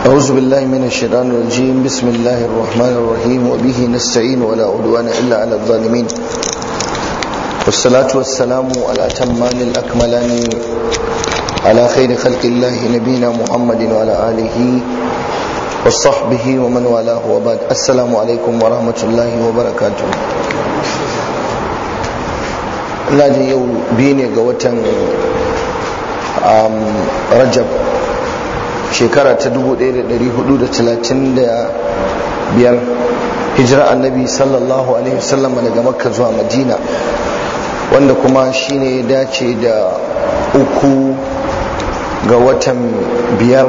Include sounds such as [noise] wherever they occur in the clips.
أعوذ بالله من الشيطان الرجيم بسم الله الرحمن الرحيم وبه نستعين ولا عدوان إلا على الظالمين والصلاة والسلام على تمان الأكملان على خير خلق الله نبينا محمد وعلى آله وصحبه ومن والاه وبعد السلام عليكم ورحمة الله وبركاته ina jin yau biyu ne ga watan rajab shekara ta 1435 hijira annabi sallallahu alaihi wasallam daga makka zuwa madina wanda kuma shine dace da uku ga watan biyar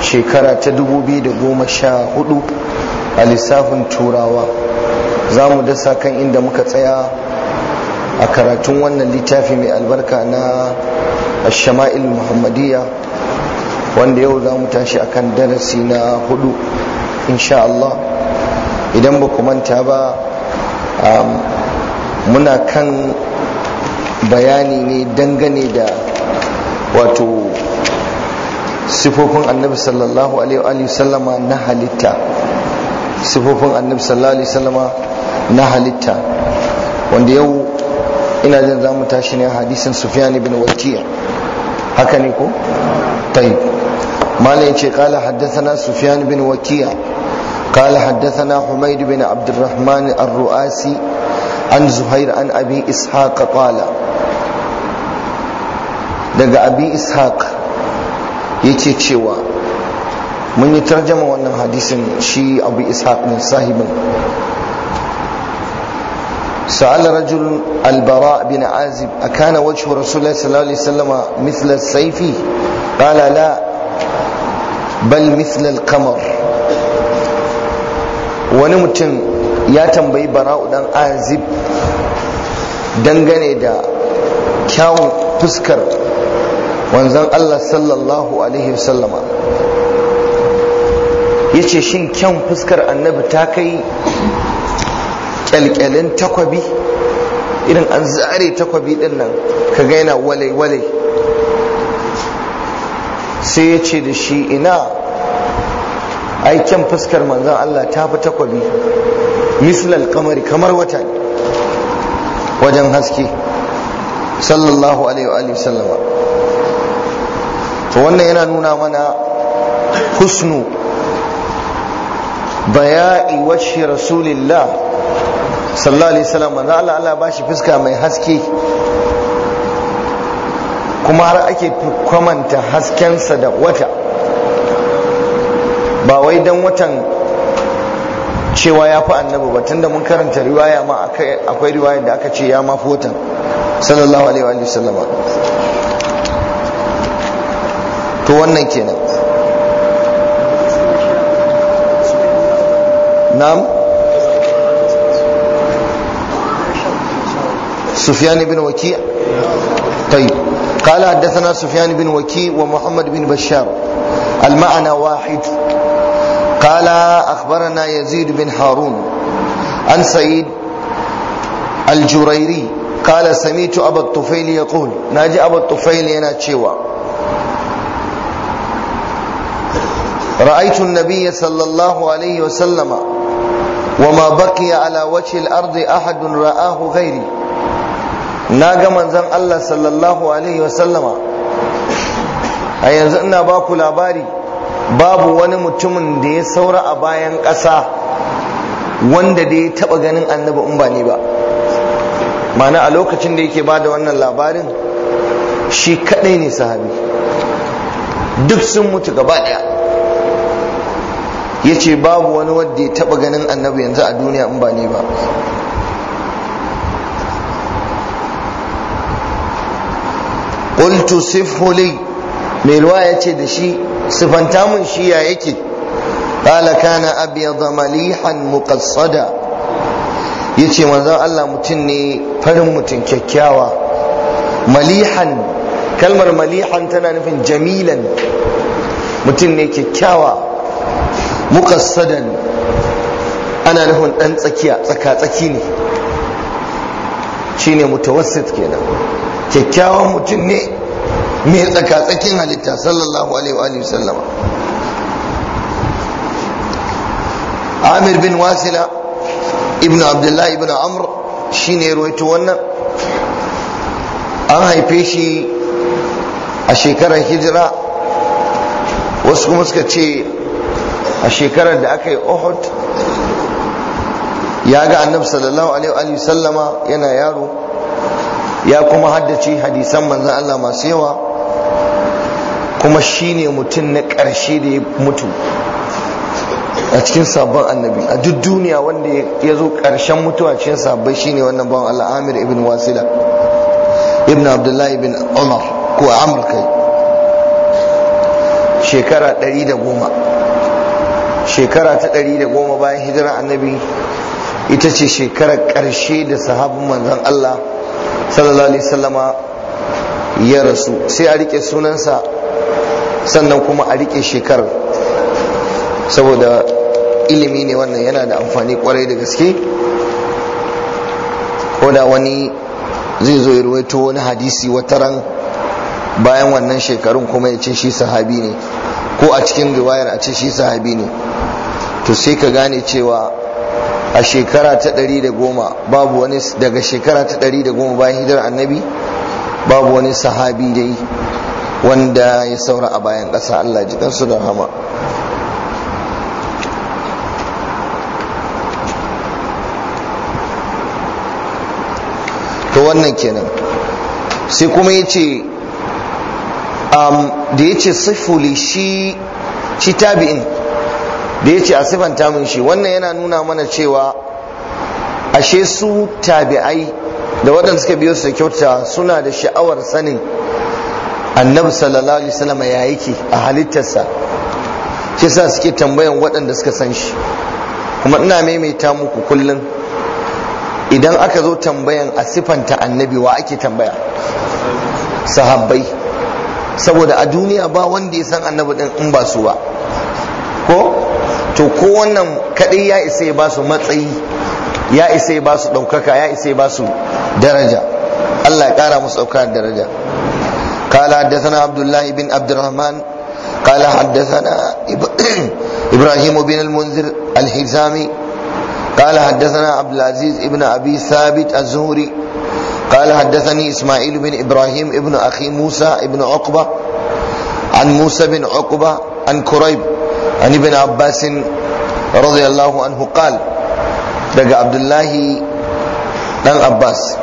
shekara ta 2014 a lissafin turawa za mu dasa kan inda muka tsaya a karatun wannan littafi mai albarka na Shama'il Muhammadiyya. wanda yau za mu tashi akan darasi na hudu insha Allah idan ba ku manta ba um, muna kan bayani ne dangane da wato sifofin annabi sallallahu alaihi sallama na halitta sifofin annabi sallallahu alaihi sallama na halitta wanda yau ina jin za mu tashi ne hadisin sufyan ibn waki' haka ne ko tayyib malam ce kala haddathana sufyan bin wakiya kala haddathana humaid bin abdurrahman ar-ru'asi an zuhair an abi ishaq qala daga abi ishaq yake cewa mun yi tarjama wannan hadisin shi abu ishaq ne sahibin سأل رجل البراء بن عازب أكان وجه رسول الله صلى الله عليه وسلم مثل السيف قال لا bal mislal kamar wani mutum ya tambayi bara'u dan azib dangane da kyawun fuskar wanzan Allah sallallahu alaihi wasallama ya ce shin kyan fuskar annabi ta kai kyalkyalin takwabi irin an zare takwabi din nan ka gaina walai-walai sai ya ce da shi ina aikin fuskar manzan Allah ta fi takwabi mislal kamari kamar wata wajen haske sallallahu alaihi wa sallama to wannan yana nuna mana husnu baya'i wacce rasulillah sallallahu alaihi wasallam manzo Allah Allah ba shi fuska mai haske kuma har ake kwamanta haskensa da wata ba wai don watan cewa ya fi annabi ba tunda mun karanta riwaya ma akwai riwaya da aka ce ya ma fi watan sallallahu alaihi wa sallama to wannan kenan nam سفيان بن وكيع tayyib قال حدثنا سفيان بن وكيع ومحمد بن بشار المعنى واحد قال أخبرنا يزيد بن هارون عن سعيد الجريري قال سميت أبا الطفيل يقول ناجي أبا الطفيل ينا تشيوا رأيت النبي صلى الله عليه وسلم وما بقي على وجه الأرض أحد رآه غيري na ga manzon Allah sallallahu alaihi wasallama a yanzu ina ba ku labari babu wani mutumin da ya saura a bayan ƙasa wanda da ya taɓa ganin annabi in ba ni ba mana a lokacin da yake ba da wannan labarin shi kaɗai ne sahabi duk sun mutu gaba ɗaya ya ce babu wani wanda ya taɓa ganin annabi yanzu a duniya in ba ni ba qultu sifhu mai ruwa ya ce da shi sifanta mun shi ya yake qala kana abyad malihan muqassada yace manzon Allah mutum ne farin mutum kyakkyawa malihan kalmar malihan tana nufin jamilan mutum ne kyakkyawa muqassadan ana nufin dan tsakiya tsaka tsaki ne shine mutawassit kenan kyakkyawan mutum ne mai tsakatsakin halitta sallallahu alaihi wa sallama amir bin wasila ibn abdullahi ibn amr shi ne ruwaito wannan an haife shi a shekarar hijira wasu kuma suka ce a shekarar da aka yi uhud ya ga annabi sallallahu alaihi wa sallama yana yaro ya kuma haddace hadisan manzan Allah masu yawa kuma shine mutum na ƙarshe da ya mutu a cikin sabon annabi a duk duniya wanda ya zo ƙarshen mutuwa cikin sabon shi ne wannan bawan Allah Amir ibn Wasila ibn Abdullahi ibn Umar ko Amr kai shekara 110 shekara ta da goma bayan hijirar annabi ita ce shekarar ƙarshe da sahabin manzan Allah sallallahu alaihi sallama ya rasu sai a rike sunansa sannan kuma a rike shekarar saboda ilimi ne wannan yana da amfani kwarai da gaske ko da wani zai zo ya ruwaito wani hadisi wata ran bayan wannan shekarun kuma ya ce shi sahabi ne ko a cikin riwayar a ce shi sahabi ne to sai ka gane cewa a shekara ta ɗari da goma babu wani daga shekara ta ɗari da goma bayan hijirar annabi babu wani sahabi dai wanda ya saura a bayan ƙasa Allah ji ɗansu da hama to wannan kenan sai kuma ya ce da ya ce sifuli shi tabi'in da ya ce a sifanta mun shi wannan yana nuna mana cewa ashe su tabi'ai da waɗanda suka biyo su da kyauta suna da sha'awar sanin annabi sallallahu alaihi wasallam ya yake a halittarsa shi sa suke tambayan waɗanda suka san shi kuma ina maimaita muku kullum idan aka zo tambayan a ta annabi wa ake tambaya sahabbai saboda a duniya ba wanda ya san annabi ɗin in ba su ba ko to ko wannan kadai ya isa ya ba su matsayi ya isa ya ba su daukaka ya isa ya ba su daraja Allah ya kara musu daukaka daraja قال حدثنا عبد الله بن عبد الرحمن قال حدثنا ابراهيم بن المنذر الحزامي قال حدثنا عبد العزيز بن ابي ثابت الزهري قال حدثني اسماعيل بن ابراهيم ابن اخي موسى ابن عقبه عن موسى بن عقبه عن كريب عن ابن عباس رضي الله عنه قال دقى عبد الله بن عباس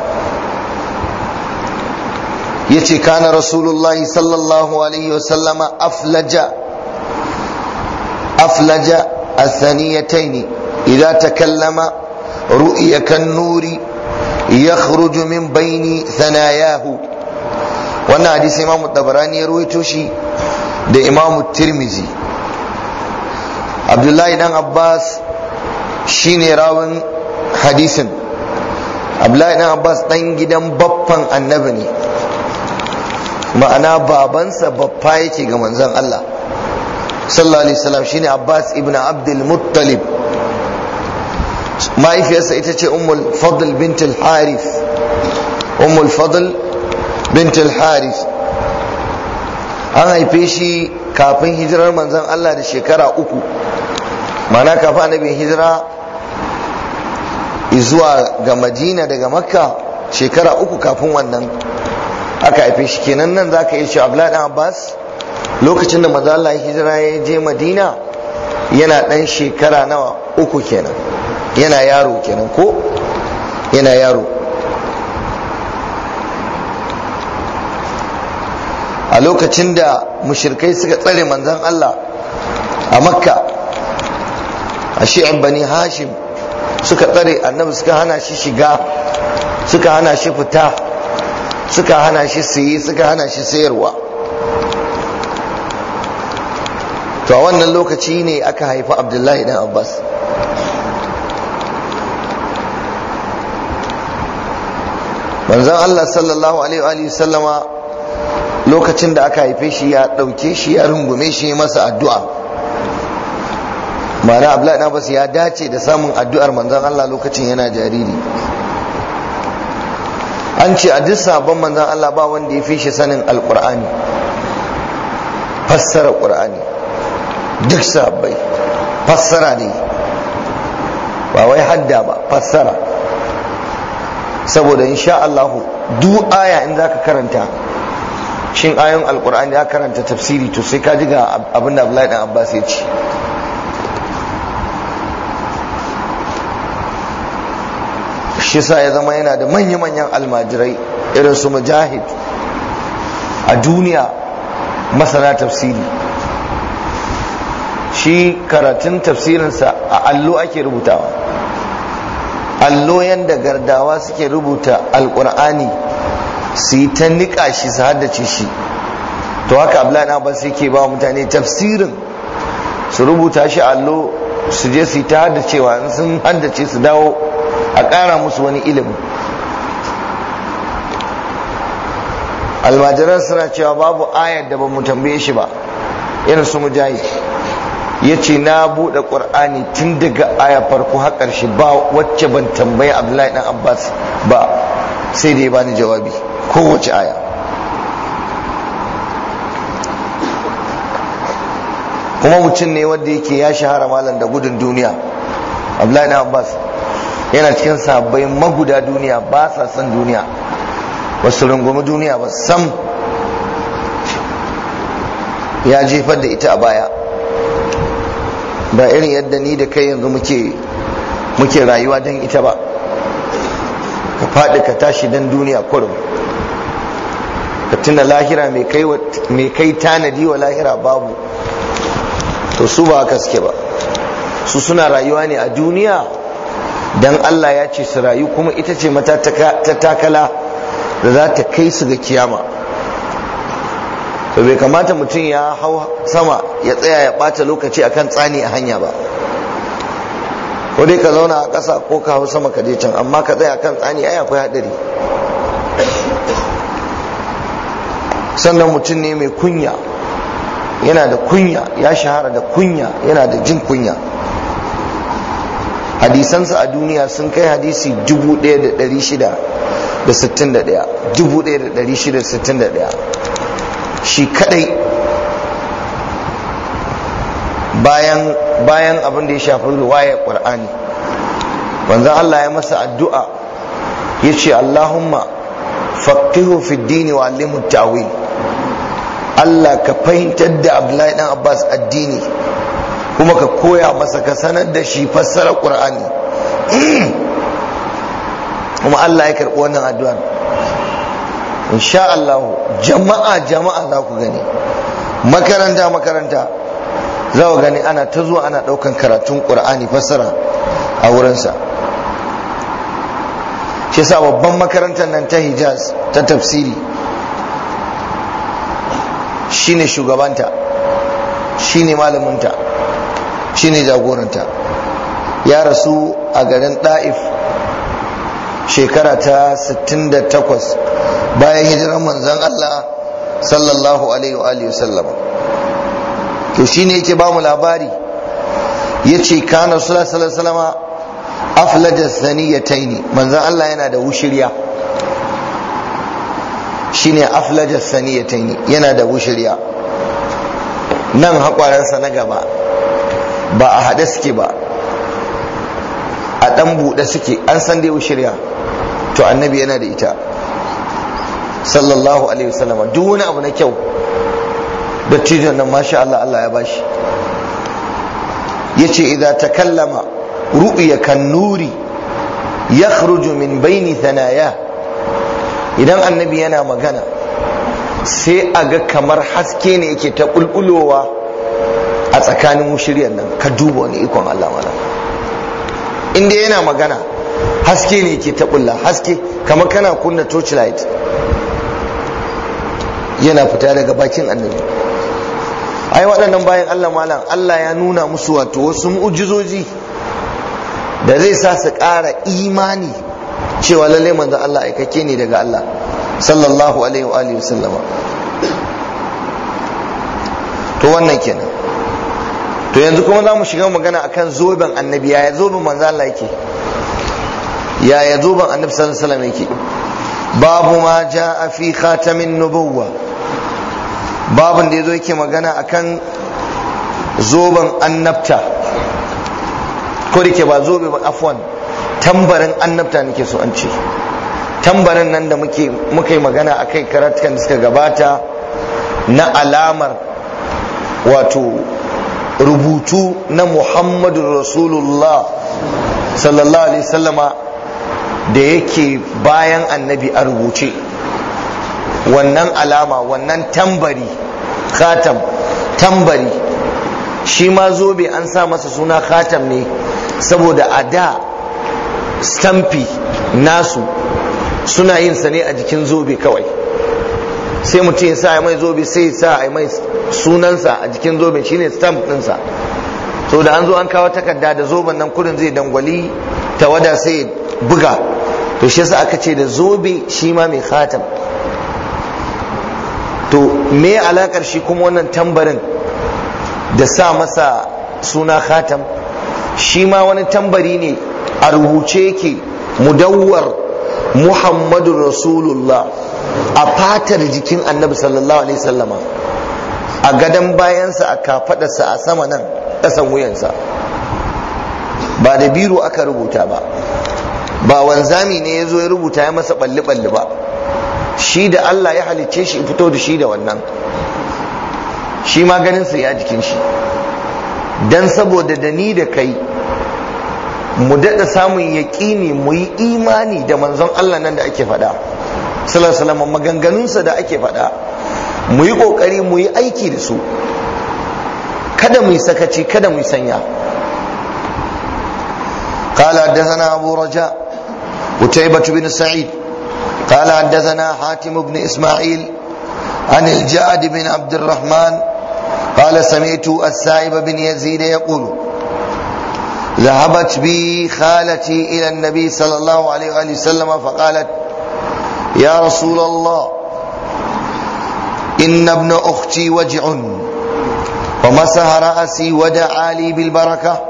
يتي كان رسول الله صلى الله عليه وسلم أفلج أفلج الثنيتين إذا تكلم رؤي كالنور يخرج من بين ثناياه wannan hadisi imam tabarani ya ruwaito shi da imam tirmizi abdullahi dan abbas shine rawin hadisin abdullahi dan abbas dan gidan baffan annabi ne ma'ana babansa baffa yake ga manzon Allah sallallahu alaihi wasallam shine abbas ibn abdul muttalib mahaifiyarsa ita ce ummul fadl bint al-harith ummul fadl bint al-harith an haife shi kafin hijirar manzon Allah da shekara uku mana kafin annabin hijira zuwa ga madina daga makka shekara uku kafin wannan aka haife shi kenan nan za ka iya cewa abdullahi dan abbas lokacin da maza Allah hijira ya je madina yana dan shekara nawa uku kenan yana yaro kenan ko yana yaro a lokacin da mushirkai suka tsare manzan Allah a makka a shi'in bani hashim suka tsare annabi suka hana shi shiga suka hana shi fita suka hana shi siyi suka hana shi sayarwa to a wannan lokaci ne aka haifi abdullahi dan abbas manzan Allah sallallahu alaihi wa lokacin da aka haife shi ya ɗauke shi ya rungume shi masa addu'a ma'ana abdullahi na basu ya dace da samun addu'ar manzon Allah lokacin yana jariri an ce a duk sabon manzon Allah ba wanda ya fi shi sanin alkur'ani fassara ƙur'ani duk sabai fassara ne ba wai hadda ba fassara saboda insha Allah duk aya in zaka karanta shin ayon alkur'ani ya karanta tafsiri to sai ka ji ga abinda da abdullahi ɗan abbas ya ce shi sa ya zama yana da manya-manyan almajirai irin su mujahid a duniya masana tafsiri shi karatun tafsirinsa a allo ake rubutawa allo yadda gardawa suke rubuta alkur'ani su yi ta niƙa shi su haddace shi to haka abdullahi na su yake ba mutane tafsirin su rubuta shi allo su je su yi ta haddacewa in sun haddace su dawo a ƙara musu wani ilimin almajiran suna cewa babu ayar da ba mu tambaye shi ba irin su mujahid ya ce na buɗe ƙur'ani tun daga aya farko haƙar shi ba wacce ban tambaye abdullahi dan abbas ba sai da ya bani jawabi kowace aya kuma mutum ne wanda yake ya shahara malam da gudun duniya abdullahi na abbas yana cikin sabbai maguda duniya ba sa son duniya wasu rungumi duniya ba sam ya jefar da ita a baya ba irin yadda ni da kai yanzu muke rayuwa don ita ba ka faɗi ka tashi don duniya kurum ka lahira mai kai tanadi wa lahira babu to su ba haka suke ba su suna rayuwa ne a duniya don Allah ya ce su rayu kuma ita ce mata ta takala da za ta kai su ga kiyama to bai kamata mutum ya hau sama ya tsaya ya bata lokaci akan tsani a hanya ba ko dai ka zauna a ƙasa ko ka hau sama ka je can amma ka tsaya akan tsani ai akwai haɗari sannan mutum ne mai kunya yana da kunya ya shahara da kunya yana da jin kunya hadisansa a duniya sun kai hadisi 1661 shi kadai bayan bayan abin da ya shafi ruwaya ƙwar'ani wanzan Allah ya masa addu'a ya ce Allahumma faqihu fi dini wa allimhu ta'wil Allah ka fahimtar da Abdullahi dan Abbas addini kuma ka koya masa ka sanar da shi fassara Qur'ani [clears throat] kuma Allah ya karɓi wannan addu'a insha Allah jama'a jama'a za ku gani makaranta makaranta za ku gani ana ta zuwa ana ɗaukan karatun Qur'ani fassara a wurinsa shi yasa babban makarantar nan ta Hijaz ta tafsiri shine shugabanta shine malaminta shine jagoranta ya rasu a garin da'if shekara ta 68 bayan hijiran, manzan Allah sallallahu alaihi wa alihi sallama to shine yake ba mu labari yace kana sallallahu alaihi sallama aflaja zaniyataini manzan Allah yana da wushirya shine aflaja saniyatayn yana da wushirya nan hakwaransa na gaba ba a haɗe suke ba a ɗan buɗe suke an san dai wushirya to annabi yana da ita sallallahu alaihi wasallam duk wani abu na kyau dattijon nan masha Allah Allah ya bashi yace idza takallama ru'ya kan nuri yakhruju min baini thanaya idan annabi yana magana sai a ga kamar haske ne yake ta bulbulowa a tsakanin mushiriyar nan ka duba wani ikon Allah mana inda yana magana haske ne yake ta kulla haske kamar kana kunna torchlight yana fita daga bakin annabi ai waɗannan bayan Allah malam Allah ya nuna musu wato wasu mu'ujizoji da zai sa su ƙara imani cewa lalle manzo Allah aikake ne daga Allah sallallahu alaihi wa alihi wasallama to wannan kenan to yanzu kuma za mu shiga magana akan zoben annabi yaya zoben manzo Allah yake yaya zoben annabi sallallahu alaihi yake babu ma jaa fi khatamin nubuwwa babin da yazo yake magana akan zoben annabta ko da ke ba zobe ba afwan tambarin annabta nake so an ce tambarin nan da muke muka yi magana a kai karatukan da suka gabata na alamar wato rubutu na muhammadu rasulullah sallallahu alaihi sallama da yake bayan annabi a rubuce wannan alama wannan tambari khatam tambari shi ma zobe an sa masa suna khatam ne saboda a da stamfi nasu suna yin sa ne a jikin zobe kawai sai mutum ya sa mai zobe sai sa a mai sunansa a jikin zobe shine stamp ɗinsa so da an zo an kawo takarda da zoben nan kudin zai dangwali tawada sai buga to shi yasa aka ce da zobe shi ma mai khatam to me alakar shi kuma wannan tambarin da sa masa suna khatam shi ma wani tambari ne a rubuce yake mudawwar Muhammadu rasulullah a fatar jikin annabi sallallahu alaihi sallama a gadon bayansa a kafadarsa a sama nan ƙasan wuyansa ba da biro aka rubuta ba ba wanzami ne ya zo ya rubuta ya masa balli-balli ba shi da Allah ya halicce shi fito da shi da wannan shi ma ganin sa ya jikin shi don saboda da ni da kai mu daɗa samun yaƙini mu yi imani da manzon Allah nan da ake faɗa salasalama maganganunsa da ake faɗa mu yi ƙoƙari mu yi aiki da su kada mu yi sakaci kada mu yi sanya قال حدثنا أبو رجاء Sa'id, بن سعيد قال حدثنا حاتم بن إسماعيل عن الجعد بن عبد الرحمن قال سمعت السائب بن يزيد يقول ذهبت بي خالتي إلى النبي صلى الله عليه وآله وسلم فقالت يا رسول الله إن ابن أختي وجع ومسح رأسي ودعا لي بالبركة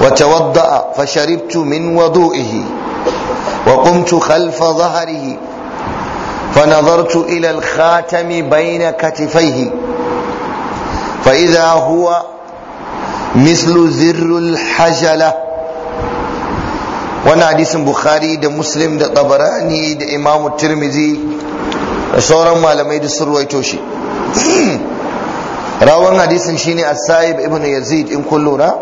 وتوضأ فشربت من وضوئه وقمت خلف ظهره فنظرت إلى الخاتم بين كتفيه فإذا هو mislu zirrul hajala wannan hadisin bukhari da muslim da tabarani da imamu tirmizi da sauran malamai da surwaito shi [clears throat] rawan hadisin shine as-sa'ib ibn yazid in kun lura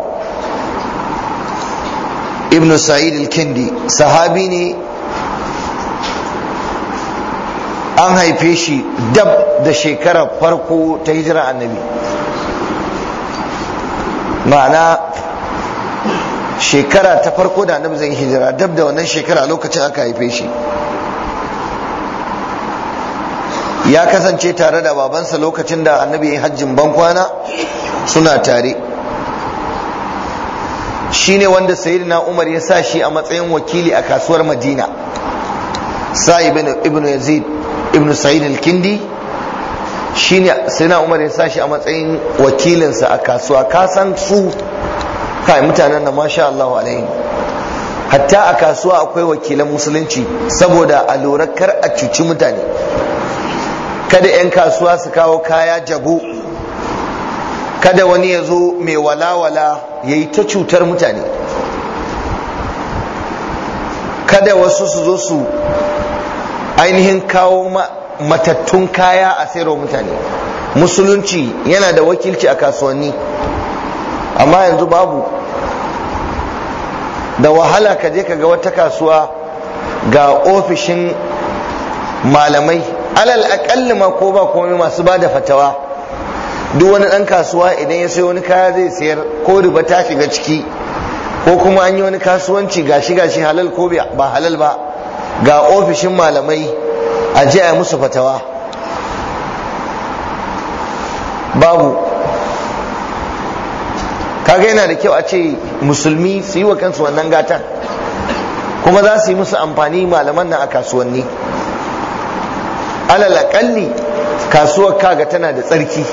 ibn sa'id al-kindi sahabi ne an haife shi dab da shekarar farko ta hijira annabi ma'ana shekara ta farko da annabi zai hijira dab da wannan shekara lokacin aka haife shi ya kasance tare da babansa lokacin da annabi ya yi hajjin bankwana suna tare shi ne wanda sayyidina umar ya sa shi a matsayin wakili a kasuwar madina sa ibn yazid ibn sa'id al-kindi shine na umar ya sashi a matsayin wakilinsa a kasuwa kasan su kai mutanen na masha Allah alaihi hatta a kasuwa akwai wakilan musulunci saboda a lura kar a cuci mutane kada 'yan kasuwa su kawo kaya jabu kada wani ya zo mai walawala ya yi ta cutar mutane kada wasu su zo su ainihin kawo ma matattun kaya a sayarwa mutane musulunci yana da wakilci a kasuwanni amma yanzu babu da wahala ka je ka ga wata kasuwa ga ofishin malamai alal akalli ma ko ba komai masu ba da fatawa duk wani ɗan kasuwa idan ya sayo wani kaya zai sayar ko riba ta shiga ciki ko kuma an yi wani kasuwanci gashi gashi halal ko ba halal ba ga ofishin malamai a je a musu fatawa babu kaga yana da kyau a ce musulmi su yi wa kansu wannan gatan kuma za su yi musu amfani malaman nan a kasuwanni alal kasuwar kaga tana da tsarki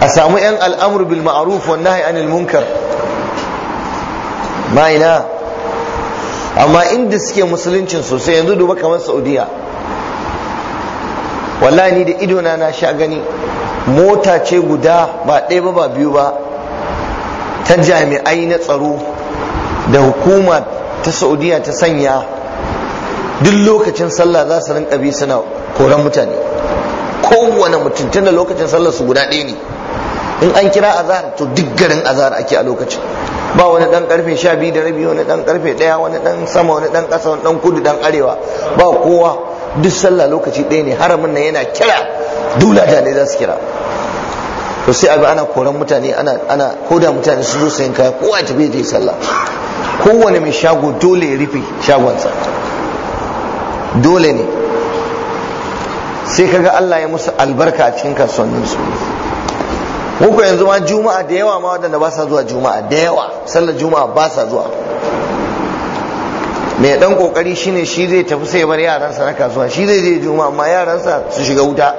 a samu 'yan al'amur bil ma'aruf wannan anil munkar ma'ina amma inda suke musuluncin sosai yanzu duba kamar saudiya wallahi ni da idona na sha gani mota ce guda ba ɗaya ba ba biyu ba ta jami'ai na tsaro da hukuma ta saudiya ta sanya duk lokacin sallah za su rinka bi suna koran mutane kowane mutum tunda lokacin sallah su guda ɗaya ne in an kira azahar to duk garin azahar ake a lokacin ba wani dan karfe sha biyu da rabi wani dan karfe daya wani dan sama wani dan kasa wani dan kudu dan arewa ba kowa duk sallah lokaci ɗaya ne haramin nan yana kira dula da ne za su kira to sai abi ana koran mutane ana ana koda mutane su zo sayan kaya kowa tafi da sallah kowane mai shago dole ya rufe shagonsa dole ne sai kaga Allah ya musu albarka a cikin kasuwannin su. muku yanzu ma juma'a da yawa ma wadanda ba sa zuwa juma'a da yawa sallar juma'a ba sa zuwa mai dan kokari shine shi zai tafi sai bar yaransa na kasuwa shi zai je juma'a amma yaransa su shiga wuta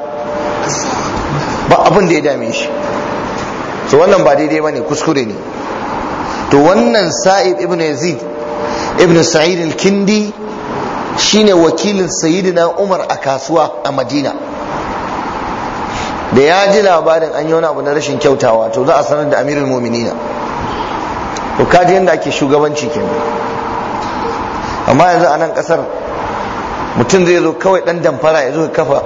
ba abin da ya dame shi so wannan ba daidai bane kuskure ne to wannan sa'id ibn yazid ibn sa'id al-kindi shine wakilin sayyidina umar a kasuwa a madina da ya ji labarin an yi wani abu na rashin kyautawa to za a sanar da amirul mu'minina to kaji yadda ake shugabanci kenan amma yanzu a nan kasar mutum zai zo kawai dan damfara ya zo kafa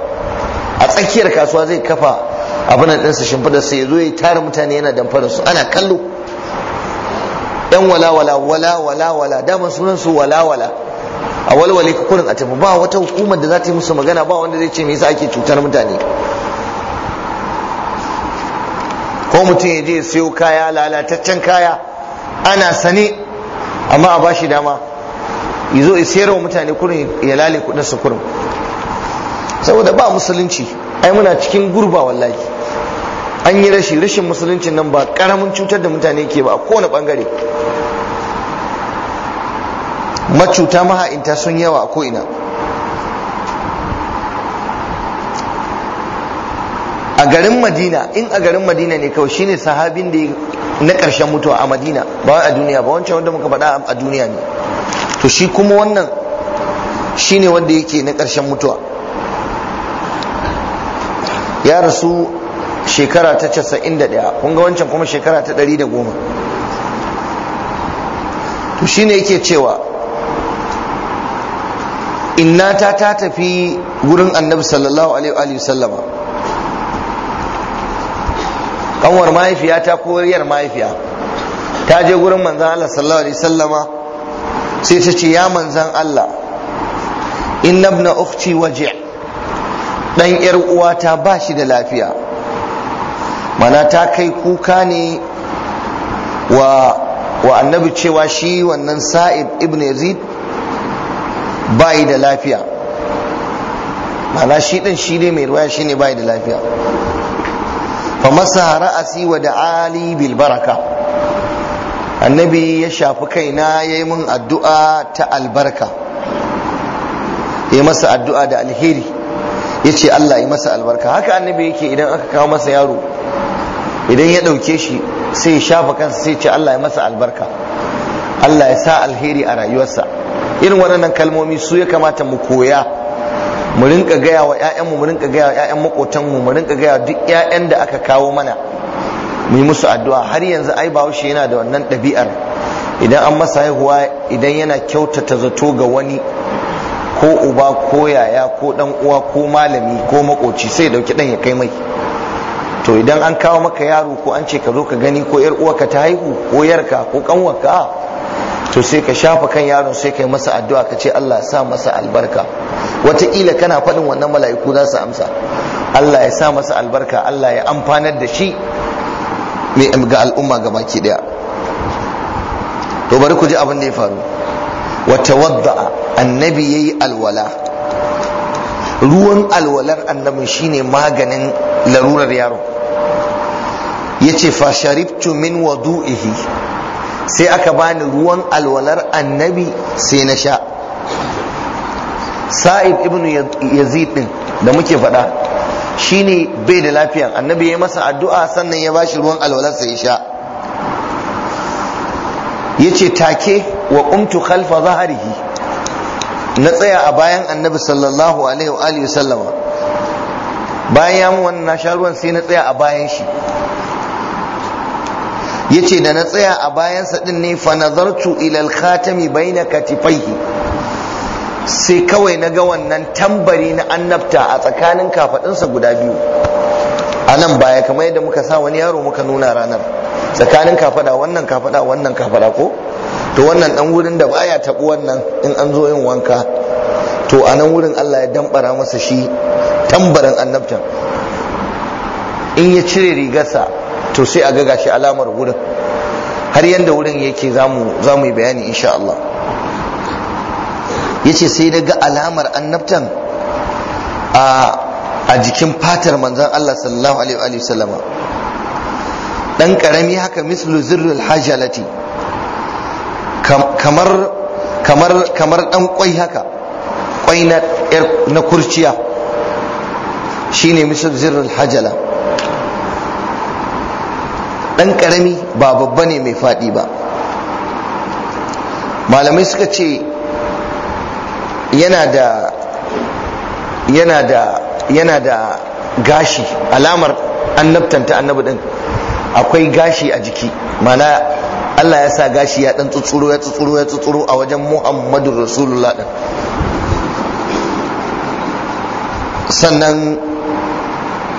a tsakiyar kasuwa zai kafa abin nan ɗinsa shimfiɗa sai ya zo ya tara mutane yana damfara su ana kallo yan wala wala wala wala wala dama sunan su wala wala a walwale kurin a tafi ba wata hukumar da za ta yi musu magana ba wanda zai ce me yasa ake cutar mutane ko mutum ya je siyo kaya lalataccen kaya ana sane amma a bashi dama ya zo ya sayar wa mutane kurin ya lale kudin su kurin saboda ba musulunci ai muna cikin gurba wallahi an yi rashi rashin musuluncin nan ba karamin cutar da mutane ke ba a kowane bangare macuta maha'inta sun yawa a ko'ina a garin madina in a garin madina ne kawai shine sahabin da na ƙarshen mutuwa a madina ba a duniya ba wancan wanda muka faɗa a duniya ne to shi kuma wannan shine wanda yake na ƙarshen mutuwa ya rasu shekara ta casa'in da ɗaya kunga wancan kuma shekara ta ɗari da goma to shine yake cewa innata ta tafi wurin annabi sallallahu alaihi wa sallama kanwar mahaifiya ta koriyar mahaifiya ta je gurin manzan Allah sallallahu alaihi sallama sai ta ce ya manzan Allah inna ibn ukhti waje dan yar uwata ba shi da lafiya mana ta kai kuka ne wa wa annabi cewa shi wannan sa'id ibn yazid bai da lafiya mana shi din shi ne mai ruwa shi ne bai da lafiya famasa masa ra'asi wa da'ali bil baraka annabi ya shafi kaina yayi min addu'a ta albarka ya masa addu'a da alheri yace Allah ya masa albarka haka annabi yake idan aka kawo masa yaro idan ya ɗauke shi sai ya shafa kansa sai ce Allah ya masa albarka Allah ya sa alheri a rayuwarsa irin waɗannan kalmomi su ya kamata mu koya mu rinka gaya wa ƴaƴanmu mu rinka gaya wa ƴaƴan makotanmu mu rinka gaya duk ƴaƴan da aka kawo mana mu yi musu addu'a har yanzu ai bahaushe yana da wannan ɗabi'ar idan an masa haihuwa idan yana kyautata zato ga wani ko uba ko yaya ko dan uwa ko malami ko makoci sai dauki dan ya kai mai to idan an kawo maka yaro ko an ce ka zo ka gani ko yar uwarka ta haihu ko yarka ko kanwarka to sai ka shafa kan yaron sai ka yi masa addu'a ka ce Allah sa masa albarka wataƙila kana faɗin wannan mala'iku za su amsa Allah ya sa masa albarka Allah ya amfanar da shi ga al'umma ga baki daya to bari ku ji abin da ya faru wa wadda annabi yayi alwala ruwan alwalar annabin shine maganin larurar yaro yace fa sharibtu min wadu'ihi sai aka bani ruwan alwalar annabi sai na sha sa'ib ibn yazid din da muke faɗa shine bai da lafiya annabi ya masa addu'a sannan ya bashi ruwan alwalar sai ya sha yace take wa qumtu khalfa zahrihi na tsaya a bayan annabi sallallahu alaihi wa alihi sallama bayan ya mu wannan na sha ruwan sai na tsaya a bayan shi yace da na tsaya a bayan sa din ne fa nazartu ila al-khatami baina katifaihi sai kawai na ga wannan tambari na annabta a tsakanin sa guda biyu a nan baya kamar yadda muka sa wani yaro muka nuna ranar tsakanin kafada wannan kafada wannan kafada ko to wannan dan wurin da baya tabu wannan in an zo yin wanka to a nan wurin Allah ya dambara masa shi tambarin annabtan in ya cire rigarsa to sai a ga shi alamar wurin har yadda wurin yake za mu yi bayani insha Allah Ya ce sai daga ga alamar annabtan a jikin fatar manzan Allah sallallahu alaihi wa sallama dan ƙarami haka mislu zirrul hajjalati kamar ɗan ƙwai haka kwai er, na kurciya shine mislu zirrul hajjalati ɗan ƙarami ba babba ne mai faɗi ba malamai suka ce yana da yana da yana da gashi alamar annabtanta annabi din akwai gashi a jiki mana Allah ya sa gashi ya dan tsutsuro ya tsutsuro ya tsutsuro a wajen Muhammadu Rasulullah din sannan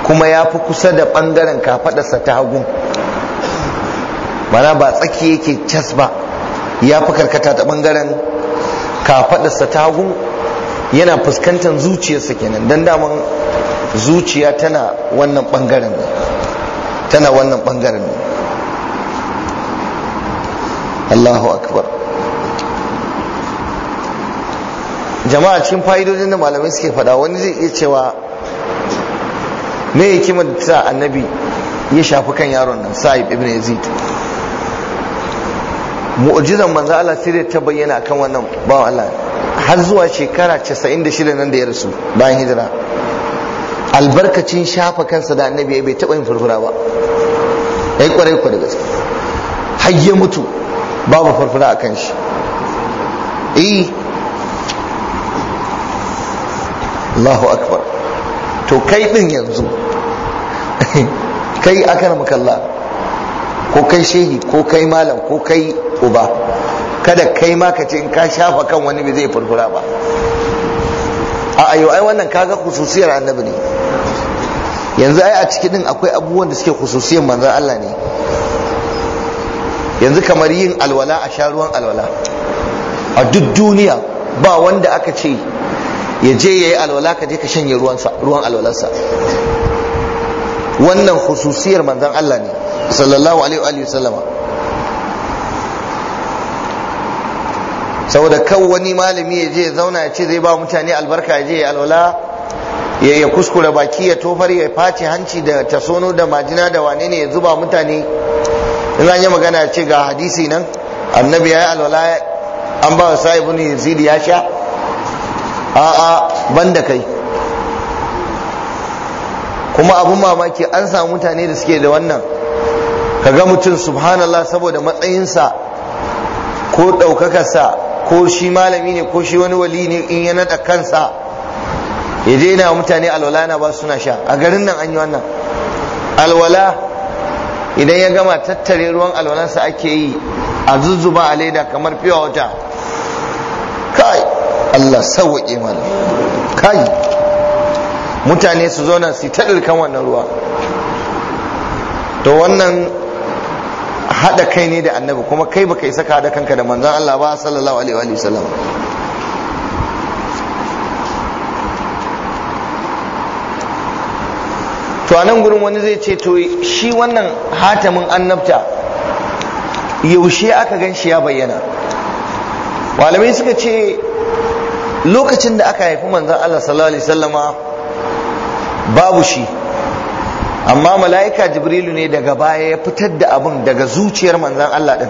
kuma ya fi kusa da ɓangaren kafaɗarsa ta hagu mana ba tsaki yake cas ba ya fi karkata ta bangaren kafadarsa ta hagu yana fuskantar zuciyarsa kenan don daman zuciya tana wannan bangaren ne tana wannan bangaren ne Allahu akbar jama'a cikin fa'idodin da malamai suke faɗa wani zai iya cewa me hikimar da ta annabi ya shafi kan yaron nan sa'ib ibn yazid mu'jizan manzo Allah sai ta bayyana akan wannan bawan Allah har zuwa shekara 96 nan da ya rasu bayan hijira albarkacin shafa kansa da annabi bai taɓa yin furfura ba yayi kwarai kwarai gaske har mutu babu furfura akan shi eh Allahu akbar to kai din yanzu [laughs] kai akan makalla ko kai shehi ko kai malam ko kai uba kada kai ma ka ce in ka shafa kan wani bai zai furfura ba a ayo ai wannan kaga khususiyar annabi ne yanzu ai a ciki din akwai abubuwan da suke khususiyar manzon Allah ne yanzu kamar yin alwala a sha alwala a duk duniya ba wanda aka ce ya je ya yi alwala ka je ka shanye ruwan alwalarsa wannan khususiyar manzon Allah ne sallallahu alaihi wa sallama saboda kan wani malami ya je ya zauna ya ce zai ba mutane albarka ya je ya alwala ya ya kuskura baki ya tofar ya face hanci da tasono da majina da wane ne ya zuba mutane in an yi magana ya ce ga hadisi nan annabi ya yi alwala an ba wa sa'ibu ne yazid ya sha a'a ban da kai kuma abun mamaki an samu mutane da suke da wannan Ka ga mutum subhanallah saboda matsayinsa ko ɗaukakarsa ko shi malami ne ko shi wani wali ne in ya naɗa kansa ya daina wa mutane alwala na ba suna sha a garin nan an yi wannan alwala idan ya gama tattare ruwan alwalansa ake yi a zuzzuba a leda kamar fiye wata kai Allah sauwaƙe mana kai mutane su zo nan su yi ɗirkan wannan ruwa to wannan haɗa kai ne da annabi kuma kai baka isa ka haɗa kanka da manzon Allah ba sallallahu alaihi wa sallam to a gurin wani zai ce to shi wannan hatamin annabta yaushe aka gan shi ya bayyana malamai suka ce lokacin da aka haifi manzon Allah sallallahu alaihi sallama babu shi amma mala'ika jibrilu ne daga baya ya fitar da abin daga zuciyar manzan Allah din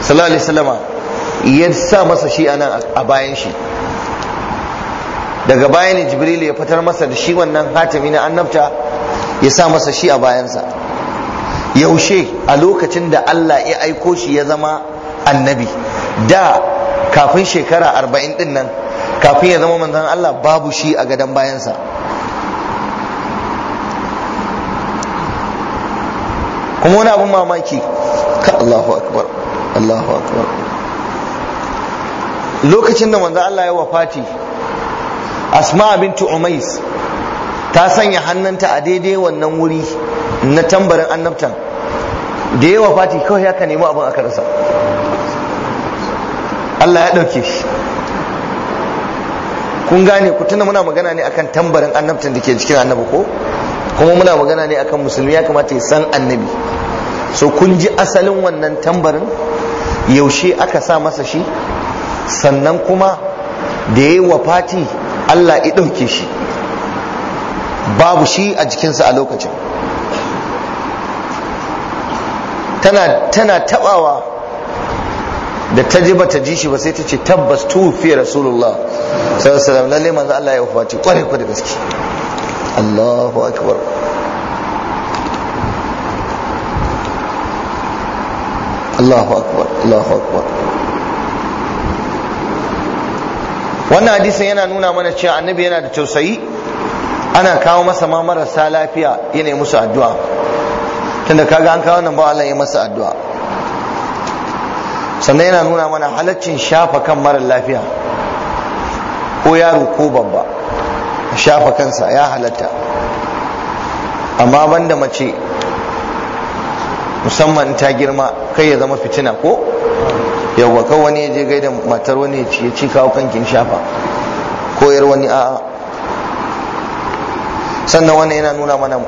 sallallahu alaihi ya sa masa shi anan a bayan shi daga baya ne jibrilu ya fitar masa da shi wannan hatimi na annabta ya sa masa shi a bayansa yaushe a lokacin da Allah ya aiko shi ya zama annabi da kafin shekara arba'in din nan kafin ya zama manzan Allah babu shi a gadon bayansa kuma wani abin mamaki ka Allahu akbar Allahu akbar lokacin da manzo Allah ya wafati Asma bintu Umais ta sanya hannunta a daidai wannan wuri na tambarin annabtan da ya wafati kawai ya ka nemi abin aka rasa Allah ya ɗauke shi kun gane ku tunda muna magana ne akan tambarin annabtan da ke cikin annabi ko kuma muna magana ne akan musulmi ya kamata ya san annabi so kun ji asalin wannan tambarin yaushe aka sa masa shi sannan kuma da ya yi Fati Allah ya ɗauke shi babu shi a jikinsa a lokacin tana tana tabawa da ta ji bata ji shi ba sai ta ce tabbas tu fi rasulullah sallallahu alaihi wasallam lalle manzo Allah ya wafati kware da gaske Allahu akbar Allahu akbar Allahu akbar wannan hadisin yana nuna mana cewa annabi yana da tausayi ana kawo masa ma marasa lafiya yana musu addu'a tunda kaga an kawo nan ba Allah ya masa addu'a sannan yana nuna mana halaccin shafa kan mara lafiya ko yaro ko babba shafa kansa ya halatta amma banda mace musamman ta girma kai ya zama fitina ko yawwa kan wani ya je gaida matar wani ya ci ci kawo kankin shafa koyar wani a'a sannan wannan yana nuna mana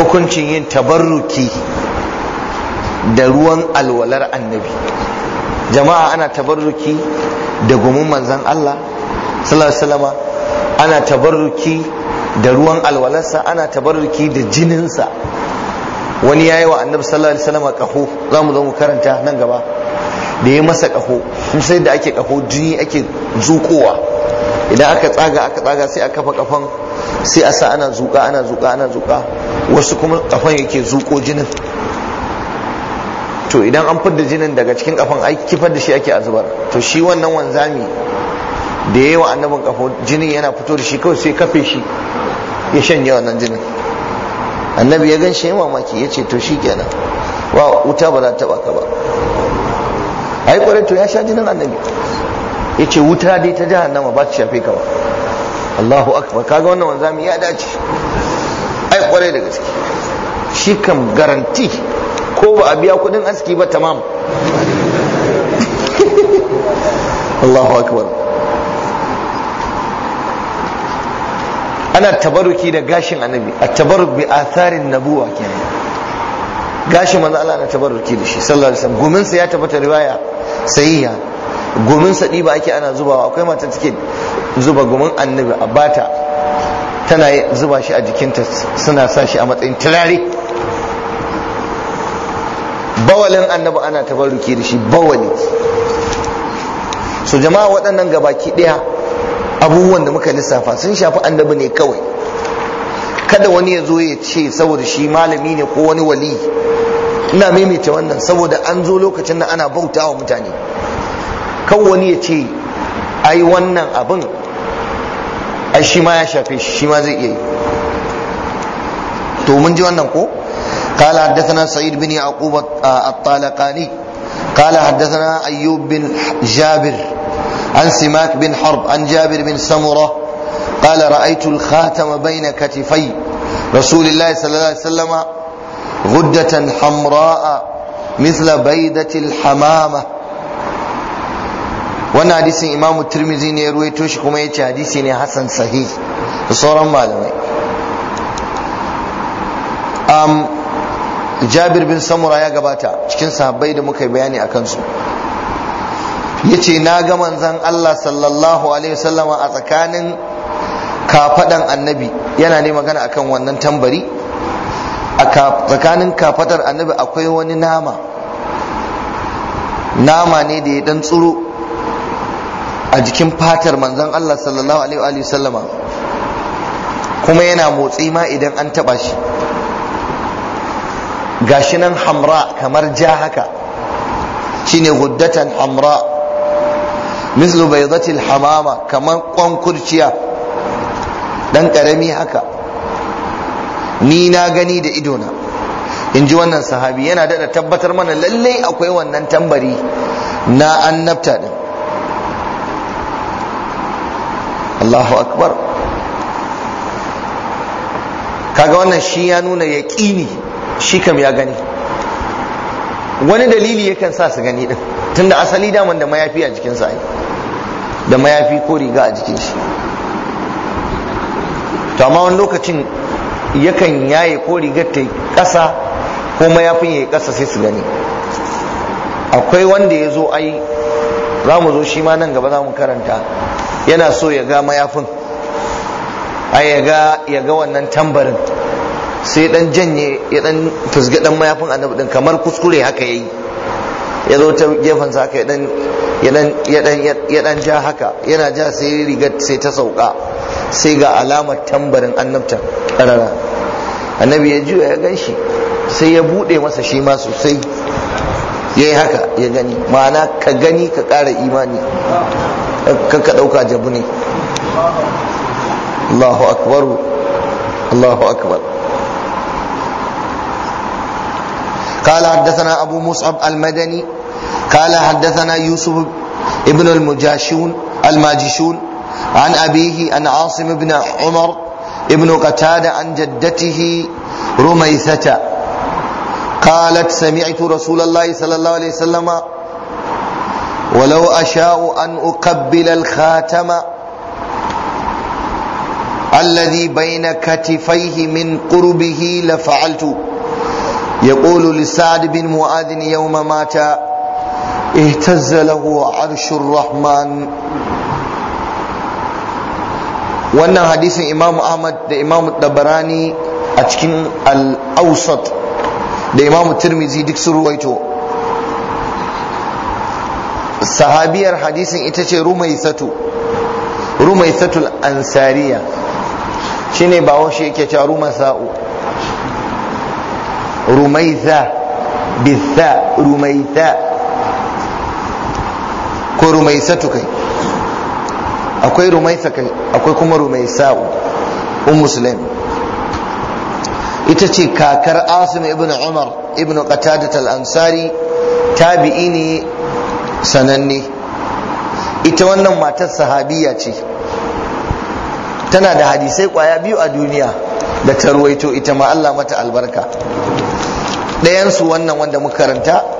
hukuncin yin tabarruki da ruwan alwalar annabi jama'a ana tabarruki da gumin manzan Allah sallallahu ana tabarruki da ruwan alwalarsa ana tabarruki da jininsa wani ya yi wa annabi sallallahu alaihi wasallam kaho za mu zo mu karanta nan gaba da ya masa kaho kun sai da ake kaho jini ake zukowa idan aka tsaga aka tsaga sai a kafa kafan sai a sa ana zuka ana zuka ana zuka wasu kuma kafan yake zuko jinin to idan an fidda jinin daga cikin kafan ai kifar da shi ake azubar to shi wannan wanzami da yayi wa annabin kafo jinin yana fito da shi kawai sai kafe shi ya shanye wannan jinin annabi ya gan shi mamaki ya ce to shi kenan wa wuta ba za ta taba ka ba ai kwarai to ya sha jinin annabi ya ce wuta dai ta nama ba ta shafe ka ba Allahu akbar kaga wannan wanzami ya dace ai kwarai da gaske shi kam garanti ko ba a biya kudin aski ba tamam [laughs] Allahu akbar ana tabaruki da gashin annabi a tabaruk bi atharin nabuwa kenan gashin manzo Allah ana tabaruki da shi sallallahu alaihi wasallam gumin sa ya tabbata riwaya sahiha gumin sa diba ake ana zubawa akwai mata take zuba gumin annabi a bata tana zuba shi a jikinta suna sa shi a matsayin turare bawalin annabi ana tabaruki da shi bawali so jama'a waɗannan gabaki ɗaya abubuwan da muka lissafa sun shafi annabi ne kawai kada wani ya zo ya ce saboda shi malami ne ko wani wali ina maimaita wannan saboda an zo lokacin nan ana bauta wa mutane kan wani ya ce ai wannan abin ai shi ma ya shafe shi shi ma zai iya yi to mun ji wannan ko قال حدثنا سعيد بن يعقوب الطالقاني قال حدثنا أيوب بن جابر عن سماك bin حرب عن جابر بن سمرة قال رأيت الخاتم بين كتفي رسول الله صلى الله عليه وسلم غدة حمراء مثل بيدة الحمامة wannan hadisin imamu tirmizi ne ya ruwaito shi kuma ya ce hadisi ne hasan Sahi. da sauran malamai jabir bin samura ya gabata cikin sahabbai da muka yi bayani a kansu yace na ga manzon Allah sallallahu alaihi wasallama a tsakanin kafadan annabi yana ne magana akan wannan tambari a tsakanin kafadar annabi akwai wani nama nama ne da ya dan tsuro a jikin fatar manzon Allah sallallahu alaihi wasallama kuma yana motsi ma idan an taba shi gashi nan hamra kamar ja haka shine guddatan hamra mislu baydatil hamama kamar kurciya dan karami haka ni na gani da idona in ji wannan sahabi yana daɗa tabbatar mana lallai akwai wannan tambari na annabta din Allahu akbar kaga wannan shi ya nuna yaƙini shi kam ya gani wani dalili yakan sa su gani din tunda asali daman da mayafi a jikinsa ai da mayafi ko riga a jikin shi to amma wani lokacin yakan yaye ko rigar ta ƙasa ko mayafin ya yi ƙasa sai su gani akwai wanda ya zo ai za mu zo shi ma nan gaba za mu karanta yana so ya ga mayafin ai ya ga wannan tambarin sai dan janye ya dan fusga dan mayafin annabudin din kamar kuskure haka yayi ya zo ta gefen sa ka ya dan ja haka yana ja sai riga sai ta sauka sai ga alamar tambarin annabta karara annabi ya juya ya ganshi sai ya bude masa shi ma sosai yayi haka ya gani ma'ana ka gani ka kara imani ka ka ɗauka jabu ne Allahu akbar Allahu akbar قال حدثنا أبو مصعب المدني قال حدثنا يوسف ابن المجاشون الماجشون عن أبيه عن عاصم بن عمر ابن قتادة عن جدته رميثة قالت سمعت رسول الله صلى الله عليه وسلم ولو أشاء أن أقبل الخاتم الذي بين كتفيه من قربه لفعلت يقول لسعد بن معاذ يوم مات اهتز له عرش الرحمن wannan hadisin imamu ahmad da imamu dabarani a cikin al awsat da imamu tirmizi duk sun ruwaito sahabiyar hadisin ita ce rumaisatu rumaisatul ansariya shine ba washe yake cewa rumaisa'u rumaisa bitha rumaisa ko Rumaisa kai akwai rumaisa kai akwai kuma Rumaisa un um musulmi ita ce kakar asim ibn umar ibn qatadat al-ansari tabi'i ne sananne ita wannan matar sahabiya ce tana da hadisai kwaya biyu a duniya da tarwaito ita ma Allah mata albarka ɗayansu wannan wanda muka karanta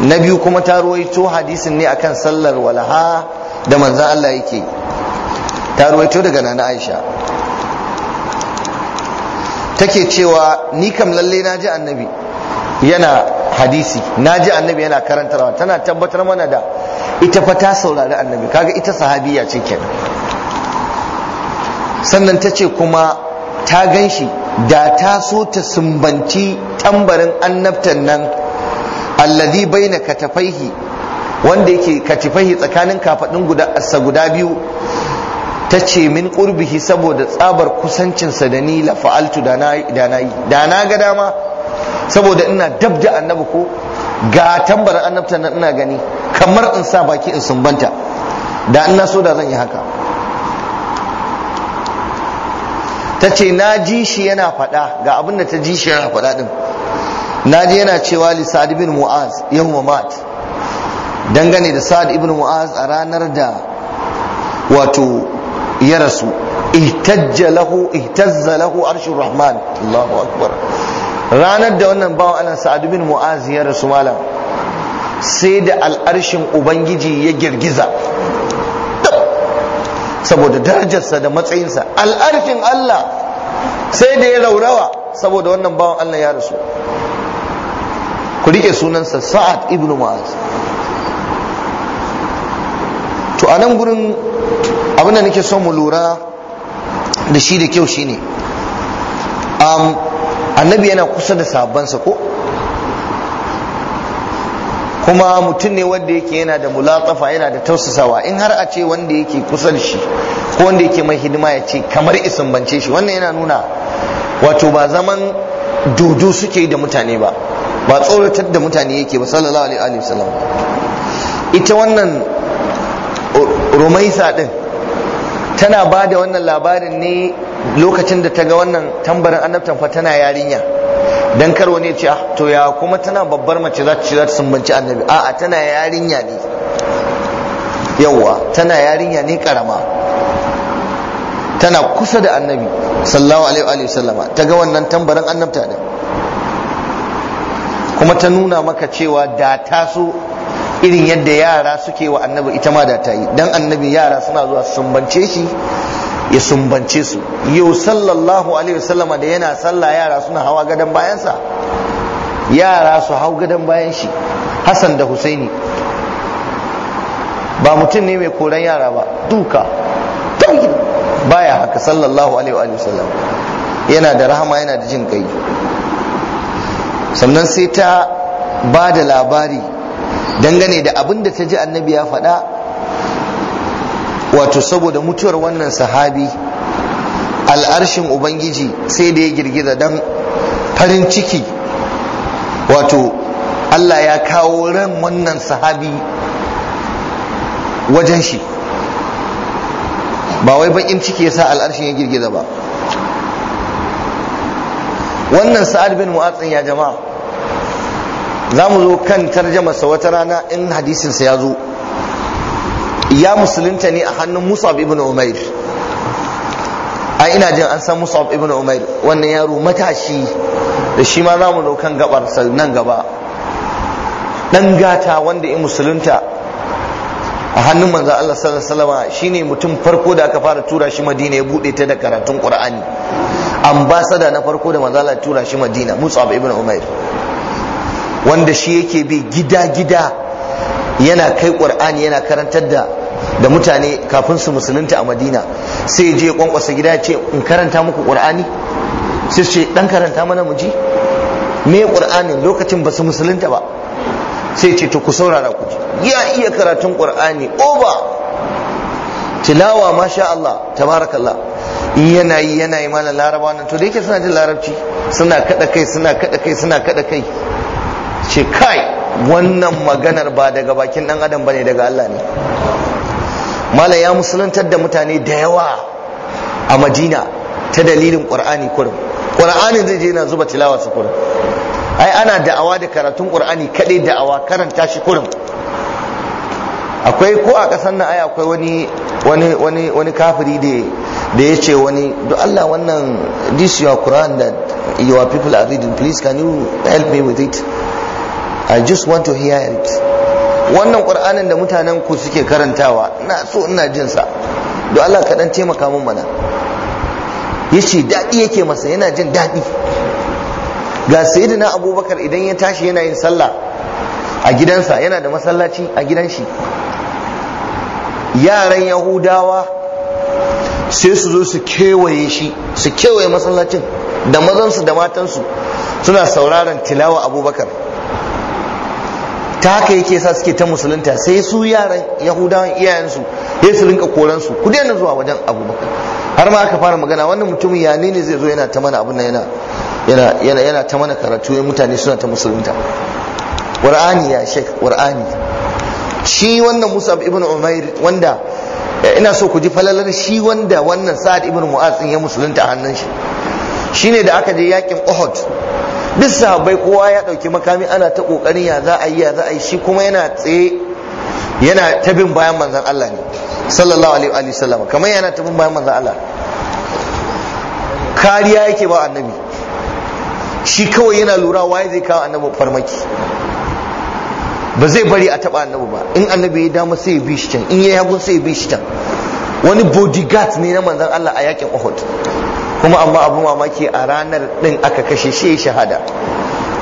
na biyu kuma ta ruwaito hadisin ne akan sallar walaha da manzan Allah yake ta ruwaito daga nana Aisha take cewa ni kam lalle na ji annabi yana hadisi na ji annabi yana karantarwa tana tabbatar mana da ita fa ta saurari annabi kaga ita sahabiya ce kenan sannan ta ce kuma ta ganshi da ta so ta sumbanci tambarin annabtan nan alladhi baina katafaihi wanda yake katifaihi tsakanin kafadin guda sa guda biyu ta ce min qurbihi saboda tsabar kusancinsa da ni la fa'altu da na da na ga dama saboda ina dab da annabi ko ga tambarin annabta nan ina gani kamar in sa baki in sumbanta da ina so da zan yi haka ta ce na ji shi yana faɗa ga abin ta ji shi yana faɗa ɗin naji yana cewa li sa'ad ibn mu'az yawma mat dangane da sa'ad ibn mu'az a ranar da wato ya rasu ihtajja lahu ihtazza lahu arshur rahman Allahu akbar ranar da wannan bawo ana sa'ad ibn mu'az ya rasu malam sai da al'arshin ubangiji ya girgiza saboda darajarsa da matsayinsa al'arshin Allah sai da ya raurawa saboda wannan bawan Allah ya rasu ku rike sunansa sa'ad ibn mu'az to a nan gurin abin da nake son mu lura da shi da kyau shine um, annabi yana kusa da sabansa ko kuma mutum ne wanda yake yana da mulatafa yana da tausasawa in har a ce wanda yake kusa da shi ko wanda yake mai hidima ya ce kamar isin bance shi wannan yana nuna wato ba zaman dudu suke yi da mutane ba ba tsoratar da mutane yake ba sallallahu alaihi sallam. ita wannan rumaisa din tana ba da wannan labarin ne lokacin da ta ga wannan tambarin annabtan fa tana yarinya dan karo ne ce ah, to ya kuma tana babbar mace za ta ce za ta sumbanci annabi a'a tana yarinya ne yawa tana yarinya ne karama tana kusa da annabi sallallahu alaihi wa sallama ta ga wannan tambarin annabta din kuma ta nuna maka cewa da ta so irin yadda yara suke wa annabi ita ma da ta yi dan annabi yara suna zuwa sumbance shi ya sumbance su yau sallallahu alaihi wasallama da yana sallah yara suna hawa gadon bayansa yara su hau gadon bayan shi hassan da husaini ba mutum ne mai koran yara ba duka baya haka sallallahu alaihi wasallam yana da rahama yana da jin kai sannan sai ta ba da labari dangane da abin da ta ji annabi ya faɗa wato saboda mutuwar wannan sahabi al'arshin ubangiji sai da ya girgiza don farin ciki wato allah ya kawo ran wannan sahabi wajen shi ba wai bakin ciki ya sa al'arshin ya girgiza ba wannan sa'ad bin mu'atsin ya jama'a za mu zo kan tarjamarsa wata rana in hadisinsa ya zo ya musulunta ne a hannun musab ibn umair a ina jin an san musab ibn umair wannan yaro matashi da shi ma za mu zo kan gabar nan gaba dan gata wanda in musulunta a hannun manzon Allah sallallahu alaihi wasallam shine mutum farko da aka fara tura shi Madina ya bude ta da karatun Qur'ani ambasada na farko da manzala tura shi madina musab ibn umair wanda shi yake bi gida-gida yana kai ƙur'ani, yana karantar da da mutane kafin su musulunta a madina sai je kwankwasa gida ya ce in karanta muku ƙwar'ani sai su ce dan karanta mana muji ji me qur'anin lokacin ba su musulunta ba sai ce to ku saurara ku ya iya karatun qur'ani oba tilawa masha Allah tabarakallah E, yana yi yana yi malam laraba nan to da yake suna jin larabci suna kada kai suna kada kai suna kada kai ce kai wannan maganar ba daga bakin dan adam bane daga Allah ne malam ya musuluntar da mutane da yawa a Madina ta dalilin Qur'ani kurum Qur'anin zai je yana zuba tilawa su kurum ai ana da'awa da karatun Qur'ani kadai da'awa karanta shi kurum akwai ko a ƙasar nan ai akwai wani wani wani kafiri da ya ce wani do Allah wannan this your Quran that your people are reading please can you help me with it I just want to hear it wannan Qur'anin da mutanen ku suke karantawa ina so ina jin sa do Allah ka dan taimaka min mana yace dadi yake masa yana jin dadi ga sayyidina Abubakar idan ya tashi yana yin sallah a gidansa yana da masallaci a gidan shi yaran yahudawa sai su zo su kewaye shi su kewaye masallacin da mazansu da matansu suna sauraron tilawa abubakar ta haka yake sa suke ta musulunta sai su yaran yahudawan iyayensu ya su rinka koransu ku daina zuwa wajen abubakar har ma aka fara magana wannan mutumin ya ne zai zo yana ta mana abin yana yana ta mana karatu mutane suna ta musulunta qur'ani ya shek qur'ani shi wannan musa ibn umair wanda eh, ina so ku ji falalar shi wanda wannan sa'ad ibn mu'az ya musulunta a hannun shi shine da aka je yakin uhud duk sahabbai kowa ya dauki makami ana ta kokarin ya za a yi ya za a yi shi kuma yana tsaye yana ta bin bayan manzon Allah ne sallallahu alaihi wa sallam kamar yana ta bin bayan manzon Allah kariya yake ba annabi shi kawai yana lura waye zai kawo annabi farmaki ba zai bari a taba annabi ba in annabi ya dama sai ya bi shi can in ya hagu sai ya bi shi can wani bodyguard ne na manzon Allah a yakin Uhud kuma amma abu mamaki a ranar din aka kashe shi shahada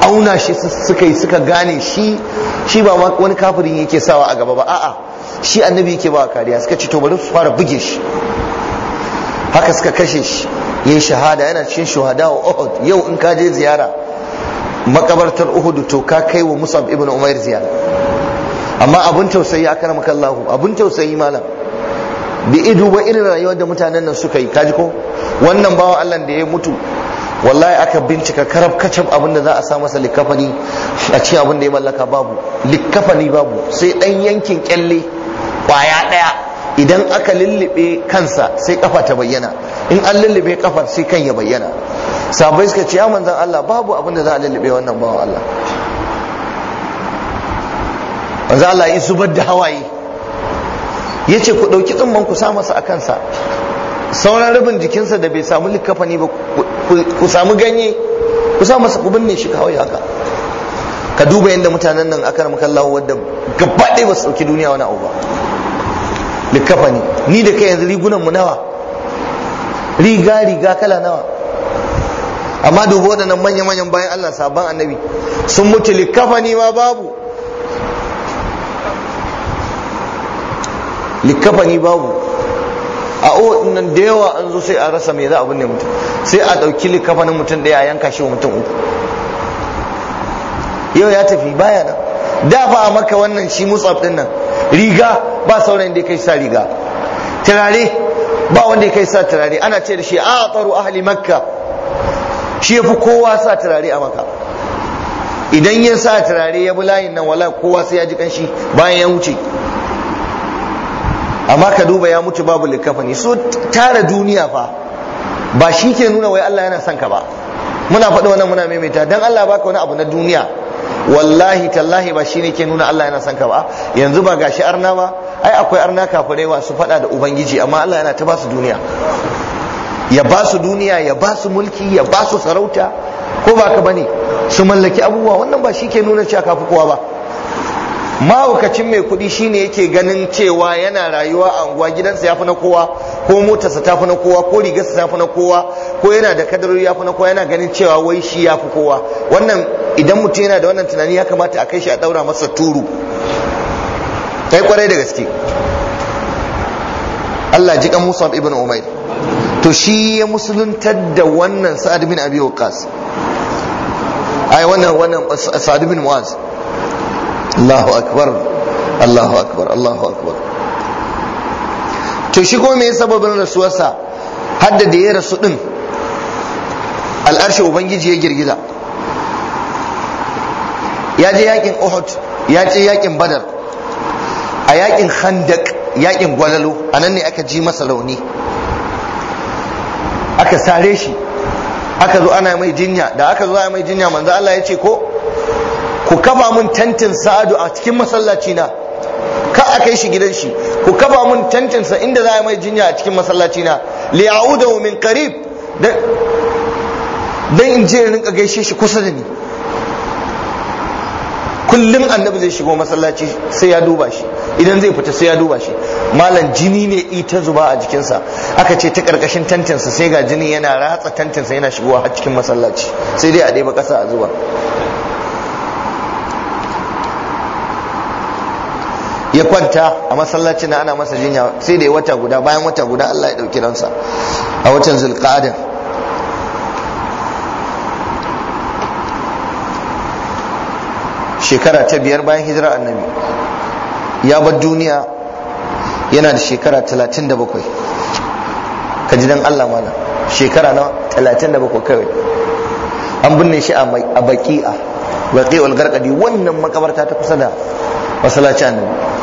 auna shi suka yi suka gane shi shi ba wani kafirin yake sawa a gaba ba a'a shi annabi yake ba kariya suka ci to bari su fara buge shi haka suka kashe shi yayi shahada yana cikin shuhada wa Uhud yau in ka je ziyara makabartar Uhudu to ka kai wa Musab ibn Umair ziyara amma abun tausayi aka ramaka kallahu abun tausayi malam bi idu ba irin rayuwar da mutanen nan suka yi kaji ko wannan bawa Allah da ya mutu wallahi aka bincika karab kacab abin da za a sa masa likafani a cikin abin da ya mallaka babu likafani babu sai dan yankin kyalle kwaya daya idan aka lullube kansa sai kafa ta bayyana in an lullube kafar sai kan ya bayyana sabai suka ce ya manzan Allah babu abin da za a lullube wannan bawan Allah manzan Allah yi zubar da hawaye ya ce ku ɗauki tsumman ku sa masa a kansa sauran rabin jikinsa da bai samu likafani ba ku samu ganye ku sa masa ku binne shi kawai haka ka duba yadda mutanen nan aka kalla wadda gaba ba su ɗauki duniya wani abu ba da kafani ni da kai yanzu rigunan mu nawa riga riga kala nawa amma da nan manya-manyan bayan Allah sabon annabi sun mutu li kafani ma babu li kafani babu a nan da yawa an zo sai a rasa me za a binne mutum sai a ɗauki kafanin mutum ɗaya a yanka shi wa mutum uku yau ya tafi baya nan dafa a maka wannan shi musaf din nan riga ba sauran da kai sa riga turare ba wanda kai sa turare ana ce da shi a tsaro ahli makka shi ya fi kowa sa turare a maka idan ya sa turare ya bi layin nan wala kowa sai ya ji kanshi bayan ya wuce amma ka duba ya mutu babu likafani so tara duniya fa ba shi ke nuna wai Allah yana son ka ba muna faɗi wannan muna maimaita dan Allah baka wani abu na duniya wallahi tallahi ba shine ke nuna Allah yana son ka ba yanzu ba gashi arna ba ai akwai arna kafirai su faɗa da ubangiji amma Allah yana ta ba su duniya ya ba su duniya ya ba su mulki ya ba su sarauta ko ba ka bane su mallaki abubuwa wannan ba shi ke nuna cewa kafi kowa ba mahaukacin mai kuɗi shine yake ganin cewa yana rayuwa a unguwa gidansa ya fi na kowa ko motarsa ta fi na kowa ko rigarsa ta fi na kowa ko yana da kadarori ya fi na kowa yana ganin cewa wai shi ya fi kowa wannan idan mutum yana da wannan tunani ya kamata a kai shi a ɗaura masa turu kai kwarai da gaske Allah ji kan Musa ibn Umayr to shi ya musuluntar da wannan Sa'ad bin Abi Waqqas ai wannan wannan Sa'ad bin Mu'az Allahu akbar Allahu akbar Allahu akbar to shi kuma me sababin rasuwarsa hadda da ya rasu din al'arshi ubangiji ya girgiza ya je yakin Uhud ya je yakin Badar a yakin khandak yakin Gwalalo anan ne aka ji masa launi aka sare shi aka zo ana mai jinya da aka zo ana mai jinya manzo Allah ya ce ko ku kafa mun tantin sa'adu a cikin masallaci na ka a kai shi gidan shi ku kafa mun tantinsa inda za a mai jinya a cikin masallaci na liya'udahu min qarib dan in je rinka gaishe shi kusa da ni kullum annabi zai shigo masallaci sai ya duba shi idan zai fita sai ya duba shi malam jini ne ita zuba a jikinsa aka ce ta karkashin tantinsa sai ga jini yana ratsa tantinsa yana shigowa har cikin masallaci sai dai a ɗeba ƙasa a zuba kwanta a masallacin ana masa jinya sai da wata guda bayan wata guda Allah ya dauki ransa a watan zulqa'ada shekara ta biyar bayan hijira annabi ya bar duniya yana da shekara 37 ka ji dan Allah mana shekara na 37 kawai an binne shi a baki'a baki'ul gargadi wannan makabarta ta kusa da masallacin annabi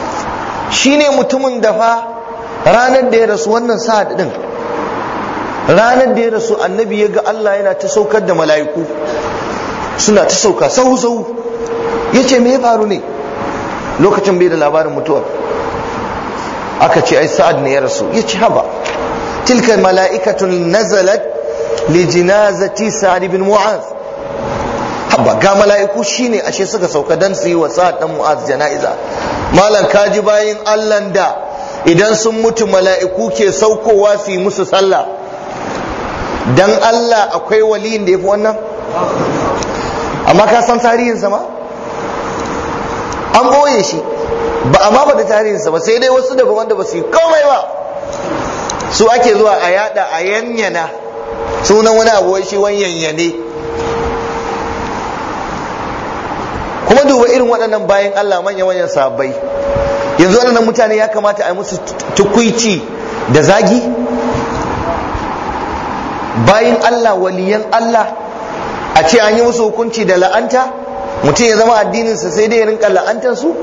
Shi ne mutumin da fa ranar da ya rasu wannan sa'ad din ranar da ya rasu annabi ya ga Allah yana ta saukar da mala'iku suna ta sauka sahu sahu yace me ya faru ne lokacin bai da labarin mutuwar aka ce ai sa'ad ne ya rasu yace haba tilka mala'ikatun nazalat li jinazati sa'ad ibn mu'az habba ga mala'iku shine ashe suka sauka dan su yi wa sa'ad dan mu'az jana'iza malam kaji bayin Allah da idan sun mutu mala'iku ke saukowa su yi musu sallah dan Allah akwai waliyin da yafi wannan amma ka san tarihin sa ma an boye shi ba amma ba da tarihin sa ba sai dai wasu daga wanda ba su yi komai ba su ake zuwa a yada a yanyana sunan wani abu shi wani yanyane kuma duba irin waɗannan bayan Allah manya manyan sabai. yanzu waɗannan mutane ya kamata a yi musu tukuici da zagi bayan Allah waliyan Allah a ce an yi musu hukunci da la'anta mutum ya zama addininsa sai dai ya rinka la'antar su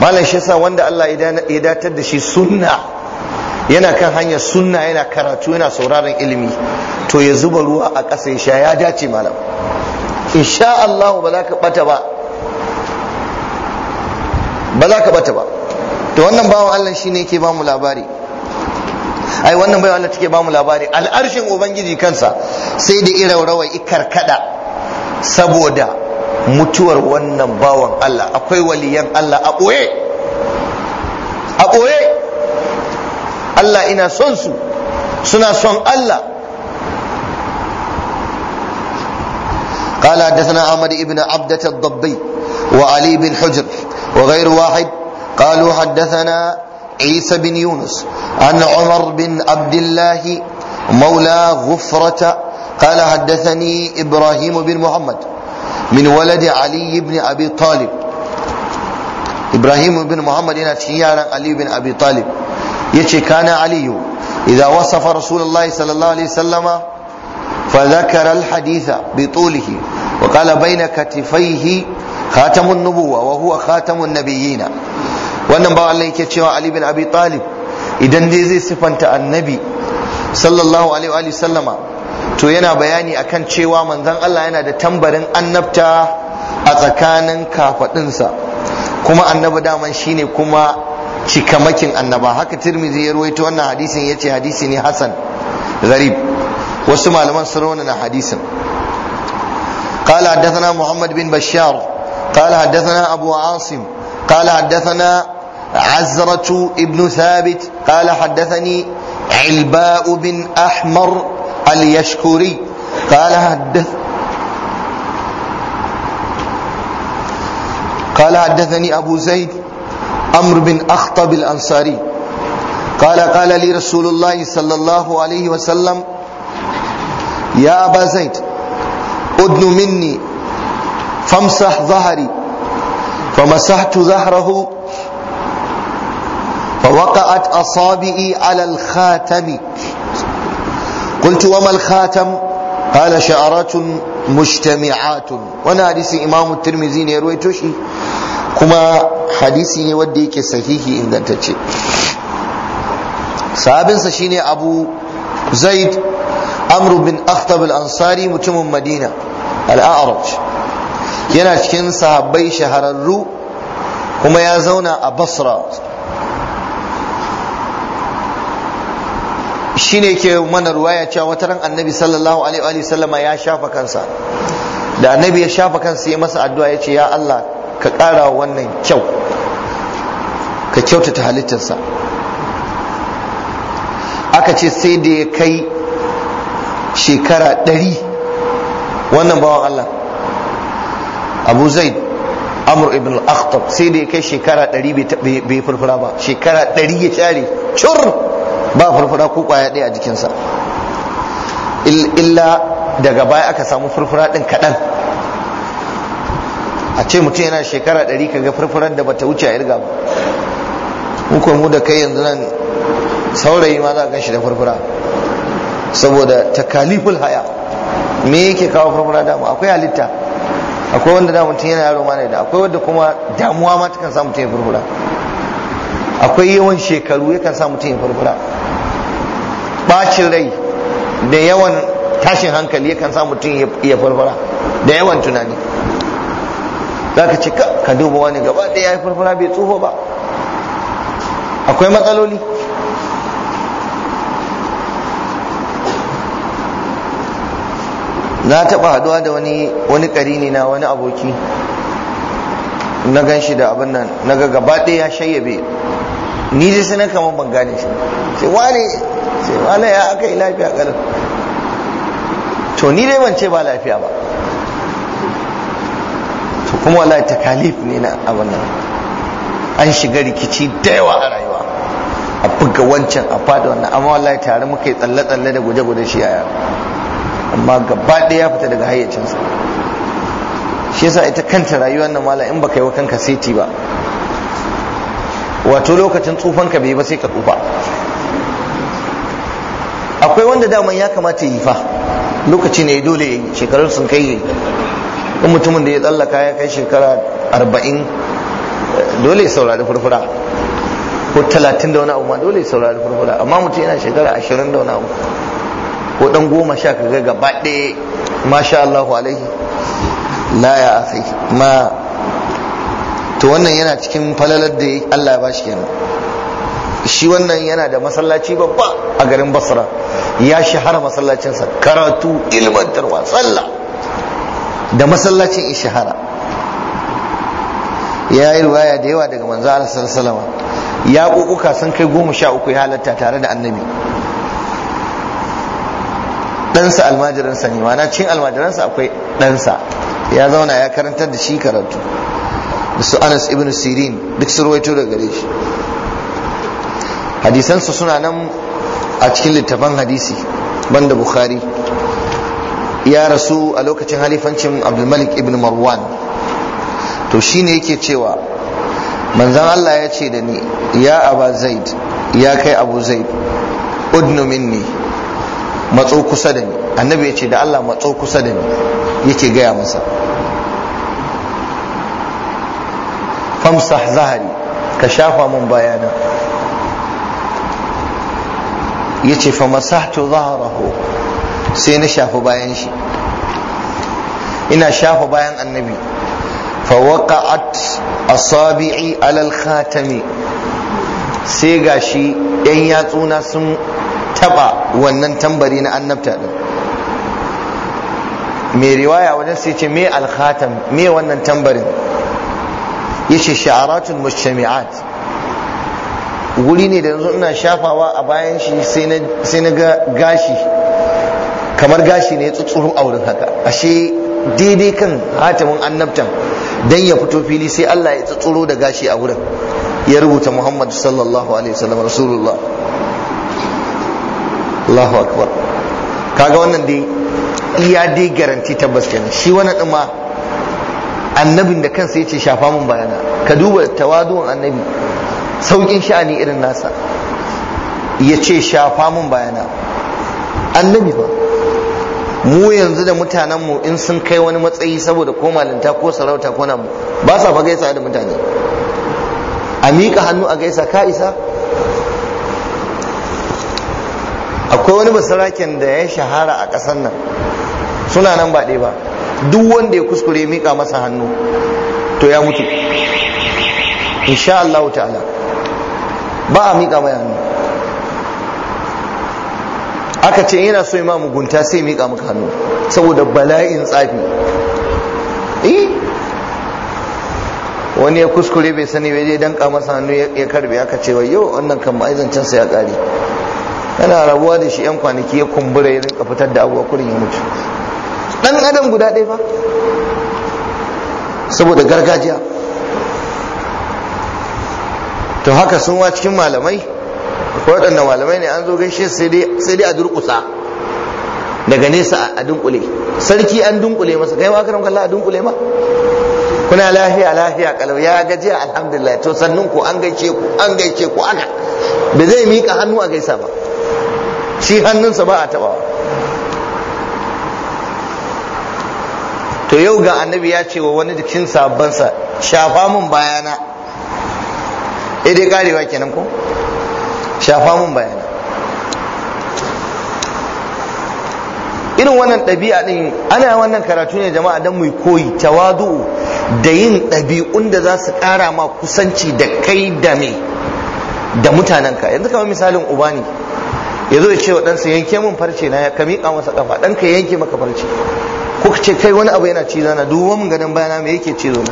malam shi yasa wanda Allah ya datar da shi sunna yana kan hanyar sunna yana karatu yana sauraron ilimi to ya zuba ruwa a ƙasa ya sha ya dace malam insha Allah ba za ka bata ba ba za ka bata ba to wannan bawan Allah shine yake ba mu labari ai wannan bayan Allah take ba mu labari al'arshin ubangiji kansa sai da irin rawai ikarkada saboda mutuwar wannan bawan Allah akwai waliyan Allah a ɓoye a ɓoye Allah ina son su suna son Allah قال حدثنا أحمد بن عبدة الضبي وعلي بن حجر وغير واحد قالوا حدثنا عيسى بن يونس عن عمر بن عبد الله مولى غفرة قال حدثني إبراهيم بن محمد من ولد علي بن أبي طالب إبراهيم بن محمد هنا تشيارا علي بن أبي طالب يتشي كان علي إذا وصف رسول الله صلى الله عليه وسلم فذكر الحديث بطوله وقال بين كتفيه خاتم النبوة وهو خاتم النبيين wannan bawan Allah yake cewa Ali bin Abi Talib idan dai zai sifanta annabi sallallahu alaihi wa to yana bayani akan cewa manzon Allah yana da tambarin annabta a tsakanin kafadinsa kuma annabi daman shine kuma cikamakin annaba haka Tirmidhi ya ruwaito wannan hadisin yace hadisi ne Hassan, gharib wasu لمن sun حديثا قال حدثنا محمد بن بشار قال حدثنا أبو عاصم قال حدثنا عزرة ابن ثابت قال حدثني علباء بن أحمر اليشكري قال حدث قال حدثني أبو زيد أمر بن أخطب الأنصاري قال قال لي رسول الله صلى الله عليه وسلم ya aba zaid udnu minni famsah zahari famasahtu zahrahu فوقعت أصابعي على الخاتم قلت وما الخاتم قال شعرات مجتمعات وانا حديث امام الترمذي ne ruwaito shi kuma hadisi ne wanda yake sahihi ingantacce sahabinsa shine abu zaid amru bin akhtab al-ansari mutumin madina al-a'raj yana cikin sahabbai shahararru kuma ya zauna a basra shine ke mana ruwaya cewa wata ran annabi sallallahu alaihi wa ya shafa kansa da annabi ya shafa kansa ya masa addu'a ya ce ya Allah ka ƙara wannan kyau ka kyautata halittarsa aka ce sai da ya kai shekara ɗari wannan bawan Allah abu zaid amur ibn al-akhtab sai da ya kai shekara ɗari bai furfura ba shekara ɗari ya share cur ba furfura ko kwaya ɗaya a jikinsa illa daga baya aka samu furfura ɗin kaɗan a ce mutum yana shekara ɗari ga furfurar da bata wuce a irga ba mu da kai yanzu nan saurayi ma za a gan shi da furfura saboda takaliful haya me yake kawo farfara damu akwai halitta akwai wanda da mutum yana yaro mana da akwai wanda kuma damuwa ma takan sa mutum ya furfura akwai yawan shekaru yakan sa mutum ya furfura bacin rai da yawan tashin hankali yakan sa mutum ya furfura da yawan tunani za ka ce ka duba wani gaba ɗaya ya yi furfura bai tsoho ba akwai matsaloli na taɓa haduwa da wani wani ƙarini na wani aboki na gan shi da abin nan na ga gaba ɗaya ya shayyabe ni dai sanar kamar ban gane shi sai wane sai wane ya aka yi lafiya ƙarar to ni dai ban ce ba lafiya ba to kuma ta takalif ne na abin nan an shiga rikici da yawa a rayuwa a buga wancan a fada wannan amma wallahi tare muka yi tsalle-tsalle da guje-guje shi yaya amma gaba ɗaya ya fita daga hayyacinsa shi yasa ita kanta rayuwar nan mala in baka yi wa kanka seti ba wato lokacin tsufan ka bai ba sai ka tsufa akwai wanda daman ya kamata yi fa lokaci ne dole ya shekarun sun kai in mutumin da ya tsallaka ya kai shekara arba'in dole ya saurari furfura ko talatin da wani abu ma dole ya saurari furfura amma mutum yana shekara ashirin da wani abu ko dan goma sha kaga gaba ɗaya masha Allahu alaihi la ya afi ma to wannan yana cikin falalar da Allah ya bashi kenan shi wannan yana da masallaci babba a garin Basra ya shahara masallacinsa karatu ilmantarwa sallah da masallacin ishahara ya yi ruwaya da yawa daga manzo Allah sallallahu alaihi wasallam ya kokuka sun kai goma sha uku ya halatta tare da annabi ɗansa almajiransa ne mana cin almajiransa akwai ɗansa ya zauna ya karantar da shi karatu su anas ibn sirin duk sun ruwaito da gare shi hadisansu suna nan a cikin littafan hadisi banda bukhari ya rasu a lokacin halifancin abdulmalik ibn marwan to shi ne yake cewa manzan allah ya ce da ni ya aba zaid ya kai abu zaid udnu minni matso kusa da ni annabi ya ce da Allah matso kusa da ni yake gaya masa famsah zahari ka shafa mun bayana ya ce famasahtu zaharahu sai na shafa bayan shi ina shafa bayan annabi fawaqa'at asabi'i alal khatami sai gashi yan yatsuna sun taba wannan tambari na annabta din mai riwaya wajen sai ce me alkhatam me wannan tambarin yace sha'aratun mushami'at guri ne da yanzu ina shafawa a bayan shi sai na ga gashi kamar gashi ne ya tsutsuru a wurin haka ashe daidai kan hatimin annabtan dan ya fito fili sai Allah ya tsutsuro da gashi a wurin ya rubuta Muhammad sallallahu alaihi wasallam rasulullah Allahu akbar kaga wannan dai iya dai garanti tabbas kenan shi wannan din ma annabin da kansa yace shafa mun bayana ka duba tawaduwan annabi saukin sha'ani irin nasa yace shafa mun bayana annabi fa mu yanzu da mutanen mu in sun kai wani matsayi saboda ko malinta ko sarauta ko na ba sa fa gaisa da mutane a miƙa hannu a gaisa ka isa akwai wani basarakin da ya shahara a ƙasar nan suna nan ba ba duk wanda ya kuskure mika masa hannu to ya mutu insha Allah ta'ala ba a mika mai hannu aka ce yana so ma mugunta sai mika maka hannu saboda bala'in tsafi eh? wani ya kuskure bai sani bai je danka masa hannu ya karbe aka ce wayo yau wannan kan ma'aizancinsa ya kare yana rabuwa da shi 'yan kwanaki ya kumbura ya rinka fitar da abuwa kurin ya mutu dan adam guda ɗaya fa saboda gargajiya to haka sun wa cikin malamai waɗanda malamai ne an zo gaishe sai dai a durƙusa daga nesa a dunkule sarki an dunkule masa kai wa karam kallah a dunkule ma kuna lafiya lafiya kalau ya gajiya alhamdulillah to sannun ku an gaishe ku an gaishe ku aka ba zai miƙa hannu a gaisa ba shi hannunsa ba a taɓa to yau ga annabi ya ce wa wani cikin sabansa shafa mun bayana ya eh, dai karewa kenan ko shafa mun bayana irin wannan ɗabi'a ɗin ana wannan karatu ne jama'a don mai koyi tawadu'u, da yin ɗabi'un da za su ƙara ma kusanci da kai da mai da mutanenka yanzu kamar misalin uba ne ya zo ya ce wa ɗansa yanke min farce na ka miƙa masa ƙafa, ɗan ka yanke maka farce ko ka ce kai wani abu yana ci zana duba mun ganin bayana me yake cizo zana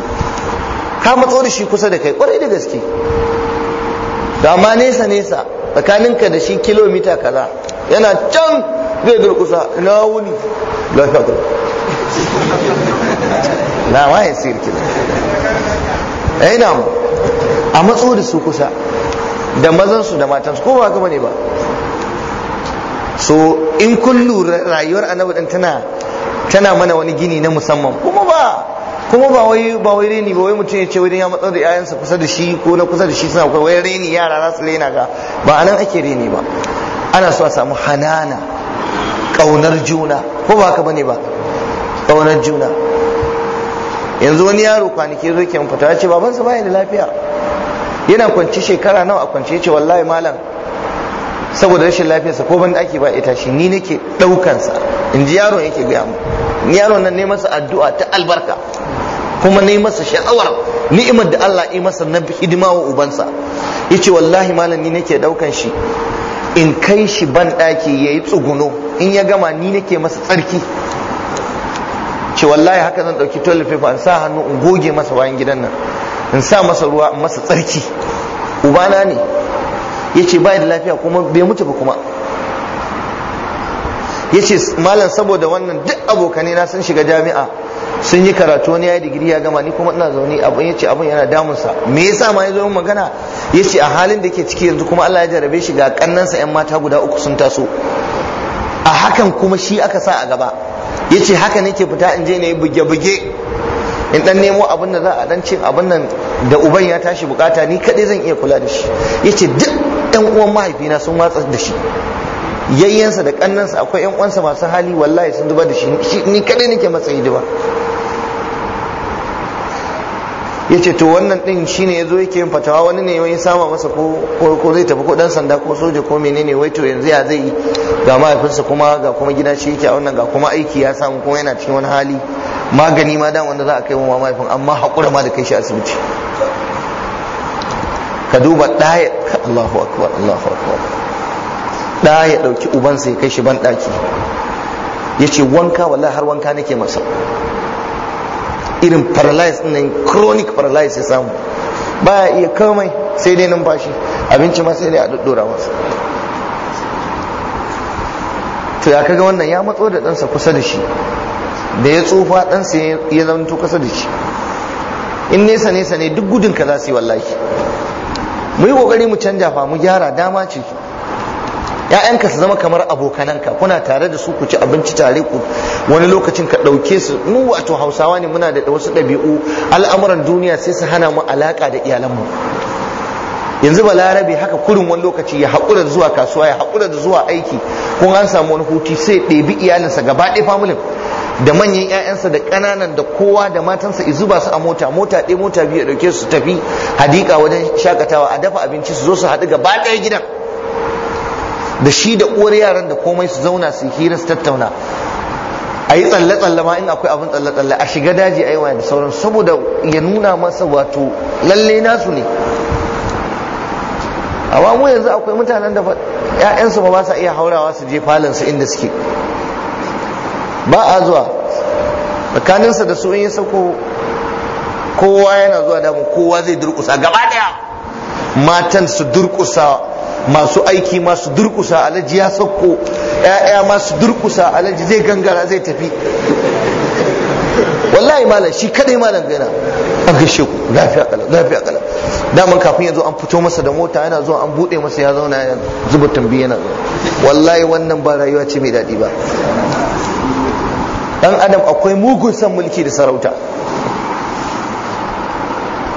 ka matso da shi kusa da kai ƙwarai da gaske da ma nesa nesa tsakaninka da shi kilomita kaza yana can zai durkusa na wuni lafiya ya ai eh, na a matso da su kusa da mazan su da matan ko ba haka bane ba so in kun lura rayuwar annabi din tana tana mana wani gini na musamman kuma ba kuma ba wai ba wai reni ba wai mutum ya ce wai ya matsar da yayansa kusa da shi ko na kusa da shi suna kai wai reni yara za su rena ga ba anan ake reni ba ana so a samu hanana kaunar juna ko ba haka bane ba kaunar juna yanzu wani yaro kwanaki zo ke fita ya ce babansa baya da lafiya yana kwanci shekara nawa a kwanci ya ce wallahi malam saboda rashin lafiyarsa ko ban ake ba ita shi ni nake ɗaukansa in ji yaron yake gaya mu Yaro nan ne masa addu'a ta albarka kuma ne masa sha'awar ni'imar da Allah yi masa na hidima wa ubansa yace wallahi malam ni nake daukan shi in kai shi ban daki yayi tsuguno in ya gama ni nake masa tsarki ce wallahi haka zan ɗauki toilet paper in sa hannu in goge masa bayan gidan nan in sa masa ruwa in masa tsarki ubana ne ya ce bai da lafiya kuma bai mutu ba kuma ya ce malam saboda wannan duk abokanai na sun shiga jami'a sun yi karatu wani ya yi digiri ya gama ni kuma ina zaune abin ya ce abin yana damunsa me yasa ma ya zo magana ya ce a halin da ke ciki yanzu kuma Allah ya jarabe shi ga kannansa yan mata guda uku sun taso a hakan kuma shi aka sa a gaba ya ce haka nake fita in je na yi buge-buge in dan nemo abin da za a dan cin abin nan da uban ya tashi bukata ni kadai zan iya kula da shi ya ce duk yan uwan mahaifina sun watsa da shi yayyansa da kannansa akwai yan uwansa masu hali wallahi sun zuba da shi ni kadai nake matsayi zuba. ya ce to wannan din shine ya zo yake yin fatawa wani ne wani sama masa ko zai tafi ko dan sanda ko soja ko menene wai to yanzu ya zai ga mahaifinsa kuma ga kuma gida shi yake a wannan ga kuma aiki ya samu kuma yana cikin wani hali magani ma dan wanda za a kai wa mahaifin amma haƙura ma da kai shi asibiti ka duba ɗaya Allahu akbar Allahu akbar ɗaya ɗauki uban sai kai shi ban ɗaki ya ce wanka wallahi har wanka nake masa irin paralysis ɗin chronic paralysis ya samu baya iya komai sai dai numfashi abinci ma sai dai a ɗuɗɗura masa to ya kaga wannan ya matso da ɗansa kusa da shi da ya tsufa ɗansa ya zanto kusa da shi in nesa nesa ne duk gudun ka za su yi wallahi mu yi kokari mu canja fa mu gyara dama ce ‘ya'yanka su zama kamar abokananka kuna tare da su ku ci abinci tare ku wani lokacin ka ɗauke su mu wato hausawa ne muna da wasu ɗabi'u al'amuran duniya sai su hana mu alaƙa da iyalanmu yanzu ba larabe haka kurin wani lokaci ya haƙura zuwa kasuwa ya haƙura da zuwa aiki kun an samu wani hutu sai ɗebi iyalinsa gaba ɗaya familin da manyan 'ya'yansa da ƙananan da kowa da matansa i zuba su a mota mota ɗaya mota biyu ya ɗauke su tafi hadika wajen shakatawa a dafa abinci su zo su haɗu gaba ɗaya gidan da shi da uwar yaran da komai su zauna su hira su tattauna a yi tsalle-tsalle ma in akwai abin tsalle-tsalle a shiga daji a yi da sauran saboda ya nuna masa wato lalle nasu ne A mu yanzu akwai mutanen da 'ya'yansu ba ba sa iya haurawa su je falansu inda suke ba a zuwa tsakaninsa da su in yi sauko kowa yana zuwa damu kowa zai durkusa gaba daya matan su durkusa masu aiki masu durkusa alaji ya sauko ya'ya masu durkusa alaji zai gangara zai tafi wallahi malam shi kadai malam gaina an gaishe ku lafiya kala lafiya kala daman kafin yanzu an fito masa da mota yana zuwa an bude masa ya zauna ya zuba tambi yana zuwa wallahi wannan ba rayuwa ce mai daɗi ba dan adam akwai mugun san mulki da sarauta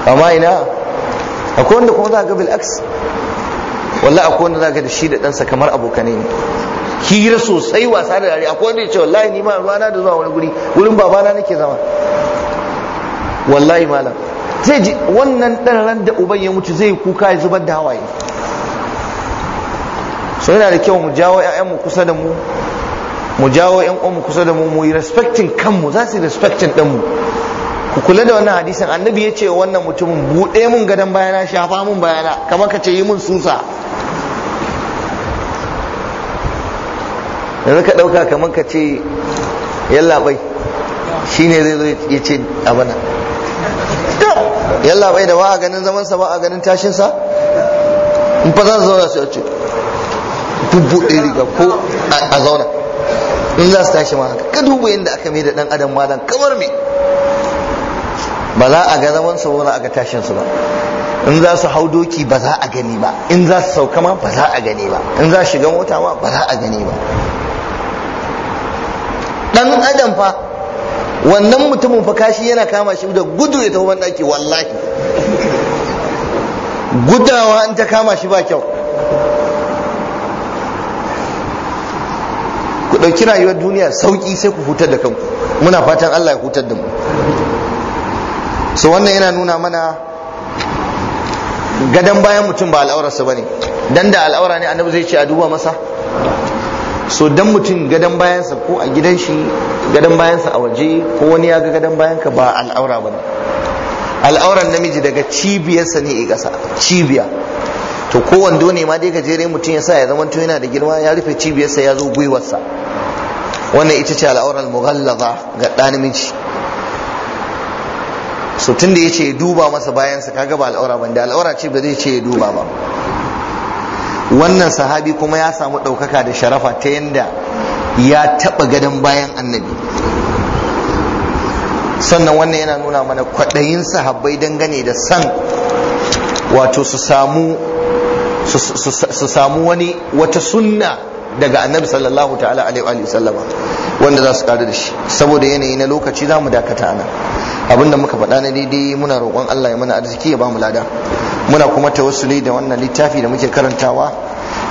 amma ina akwai wanda kuma za ga bil aks wallahi akwai wanda za ga da shi da ɗansa kamar abokanai ne hira sosai wasa da dare akwai wanda ya ce wallahi ni ma ruwana da zuwa wani guri wurin babana nake zama wallahi malam zai ji wannan ɗan ran da uban ya mutu zai kuka ya zubar da hawaye so yana da kyau mu jawo 'ya'yanmu kusa da mu mu jawo yan uwanmu kusa da mu mu yi respecting kanmu za su yi respecting ɗinmu ku kula da wannan hadisin annabi ya ce wannan mutumin buɗe mun gadon bayana shafa mun bayana kamar ka ce yi mun susa yanzu ka ɗauka kamar ka ce yallaɓai shi ne zai zo ya ce abana yallaɓai da ba a ganin zamansa ba a ganin tashinsa in fa za su zauna su yace duk buɗe riga ko a zauna in za su tashi ma haka ka duba yadda aka mai da dan adam malam kamar me ba za a ga zaman su ba za a ga tashin su ba in za su hau doki ba za a gani ba in za su sauka ma ba za a gani ba in za su shiga mota ma ba za a gani ba dan adam fa wannan mutumin fa kashi yana kama shi da gudu ya tafi ake wallahi gudawa an ta kama shi ba kyau dauki rayuwar duniya sauƙi sai ku hutar da kanku muna fatan Allah ya hutar da mu so wannan yana nuna mana gadon bayan mutum ba al'aurarsa ba ne dan da al'aura ne annabi zai ce a duba masa so dan mutum gadon bayansa ko a gidan shi gadon bayansa a waje ko wani ya ga gadon bayanka ba al'aura ba ne al'auran namiji daga cibiyarsa ne a ƙasa cibiya to ko wando ne ma dai gajere mutum ya sa ya zama yana da girma ya rufe cibiyarsa ya zo gwiwarsa wannan ita ce al'aurar mughallaza ga ɗa namiji so da ya ce duba masa bayansa kaga ba al'aura ban da al'aura ce ba zai ce ya duba ba wannan sahabi kuma ya samu ɗaukaka da sharafa ta yadda ya taɓa gadon bayan annabi sannan wannan yana nuna mana kwaɗayin sahabbai dangane da san wato su samu wani wata sunna daga annabi sallallahu ta'ala alaihi wa sallama wanda za su kare da shi saboda yanayi na lokaci za mu dakata ana abinda muka faɗa na daidai muna roƙon Allah ya mana arziki ya ba mu lada muna kuma tawassuli da wannan littafi da muke karantawa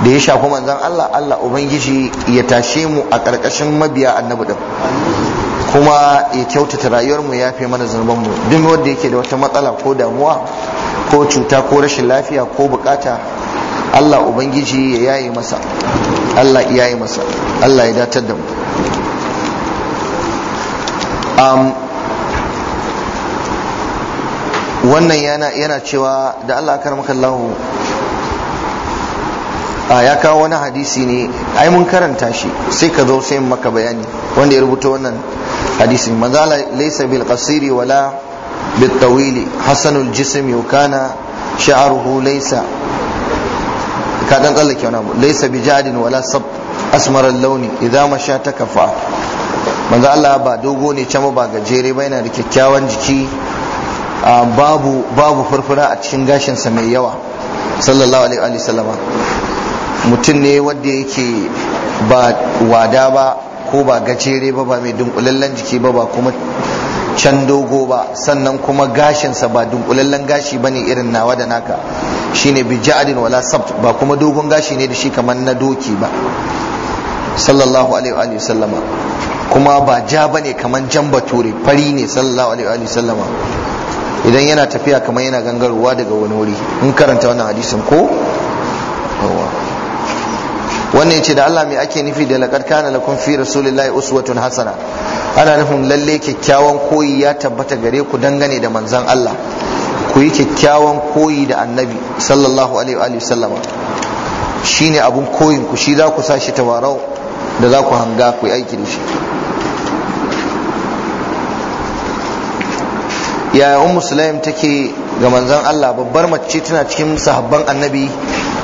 da ya shafi manzon Allah Allah ubangiji ya tashe mu a ƙarƙashin mabiya annabi din kuma ya kyautata rayuwarmu ya fi mana mu. duk wanda yake da wata matsala ko damuwa ko cuta ko rashin lafiya ko bukata Allah Ubangiji ya yaye masa Allah ya yi masa Allah ya datar da mu wannan yana cewa da Allah karmaka lahu a ya kawo wani hadisi ne ai mun karanta shi sai ka zo sai maka bayani wanda ya rubuta wannan hadisi manzala laysa bil qasiri wala bil tawili hasanul jism yukana sha'ruhu laysa ka dan ke wani abu bijadin wala sab launi idza masha takaffa manzo Allah ba dogo ne can ba gajere ba yana da kyakkyawan jiki ah, babu babu furfura a cikin gashinsa mai yawa sallallahu alaihi wa sallam mutum ne wanda yake ba wada ba ko ba gajere ba ba mai dunkulallen jiki ba ba kuma can dogo ba sannan kuma gashinsa ba dunkulallen gashi bane irin nawa da naka shine bi ja'adin wala sabt ba kuma dogon gashi ne da shi kamar na doki ba sallallahu alaihi wa sallama kuma ba ja bane kamar jan bature fari ne sallallahu alaihi wa sallama idan yana tafiya kamar yana gangarowa daga wani wuri in karanta wannan hadisin ko wannan yace da Allah mai ake nufi da laqad kana lakum fi rasulillahi uswatun hasana ana nufin lalle kyakkyawan koyi ya tabbata gare ku dangane da manzon Allah ku yi kyakkyawan koyi da annabi sallallahu alaihi wa sallama shine abun koyin ku shi za ku sa shi tabarau da za ku hanga ku yi aiki da shi yaya ummu sulaim take ga manzon Allah babbar mace tana cikin sahabban annabi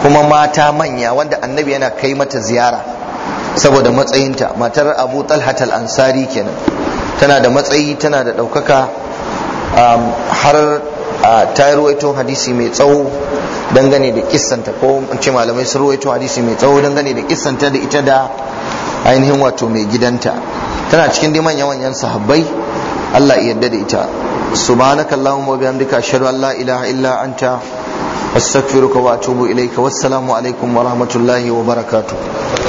kuma mata manya wanda annabi yana kai mata ziyara saboda matsayinta matar abu talhat al-ansari kenan tana da matsayi tana da ɗaukaka um, har ta ruwaito hadisi mai tsawo dangane da kissanta ko ce malamai su ruwaito hadisi mai tsawo dangane da kissanta da ita da ainihin wato mai gidanta tana cikin dai yawan manyan sahabbai Allah ya yarda da ita subhanaka allahumma wa bihamdika ashhadu an la ilaha illa anta astaghfiruka wa atubu ilayka wassalamu alaikum wa rahmatullahi wa barakatuh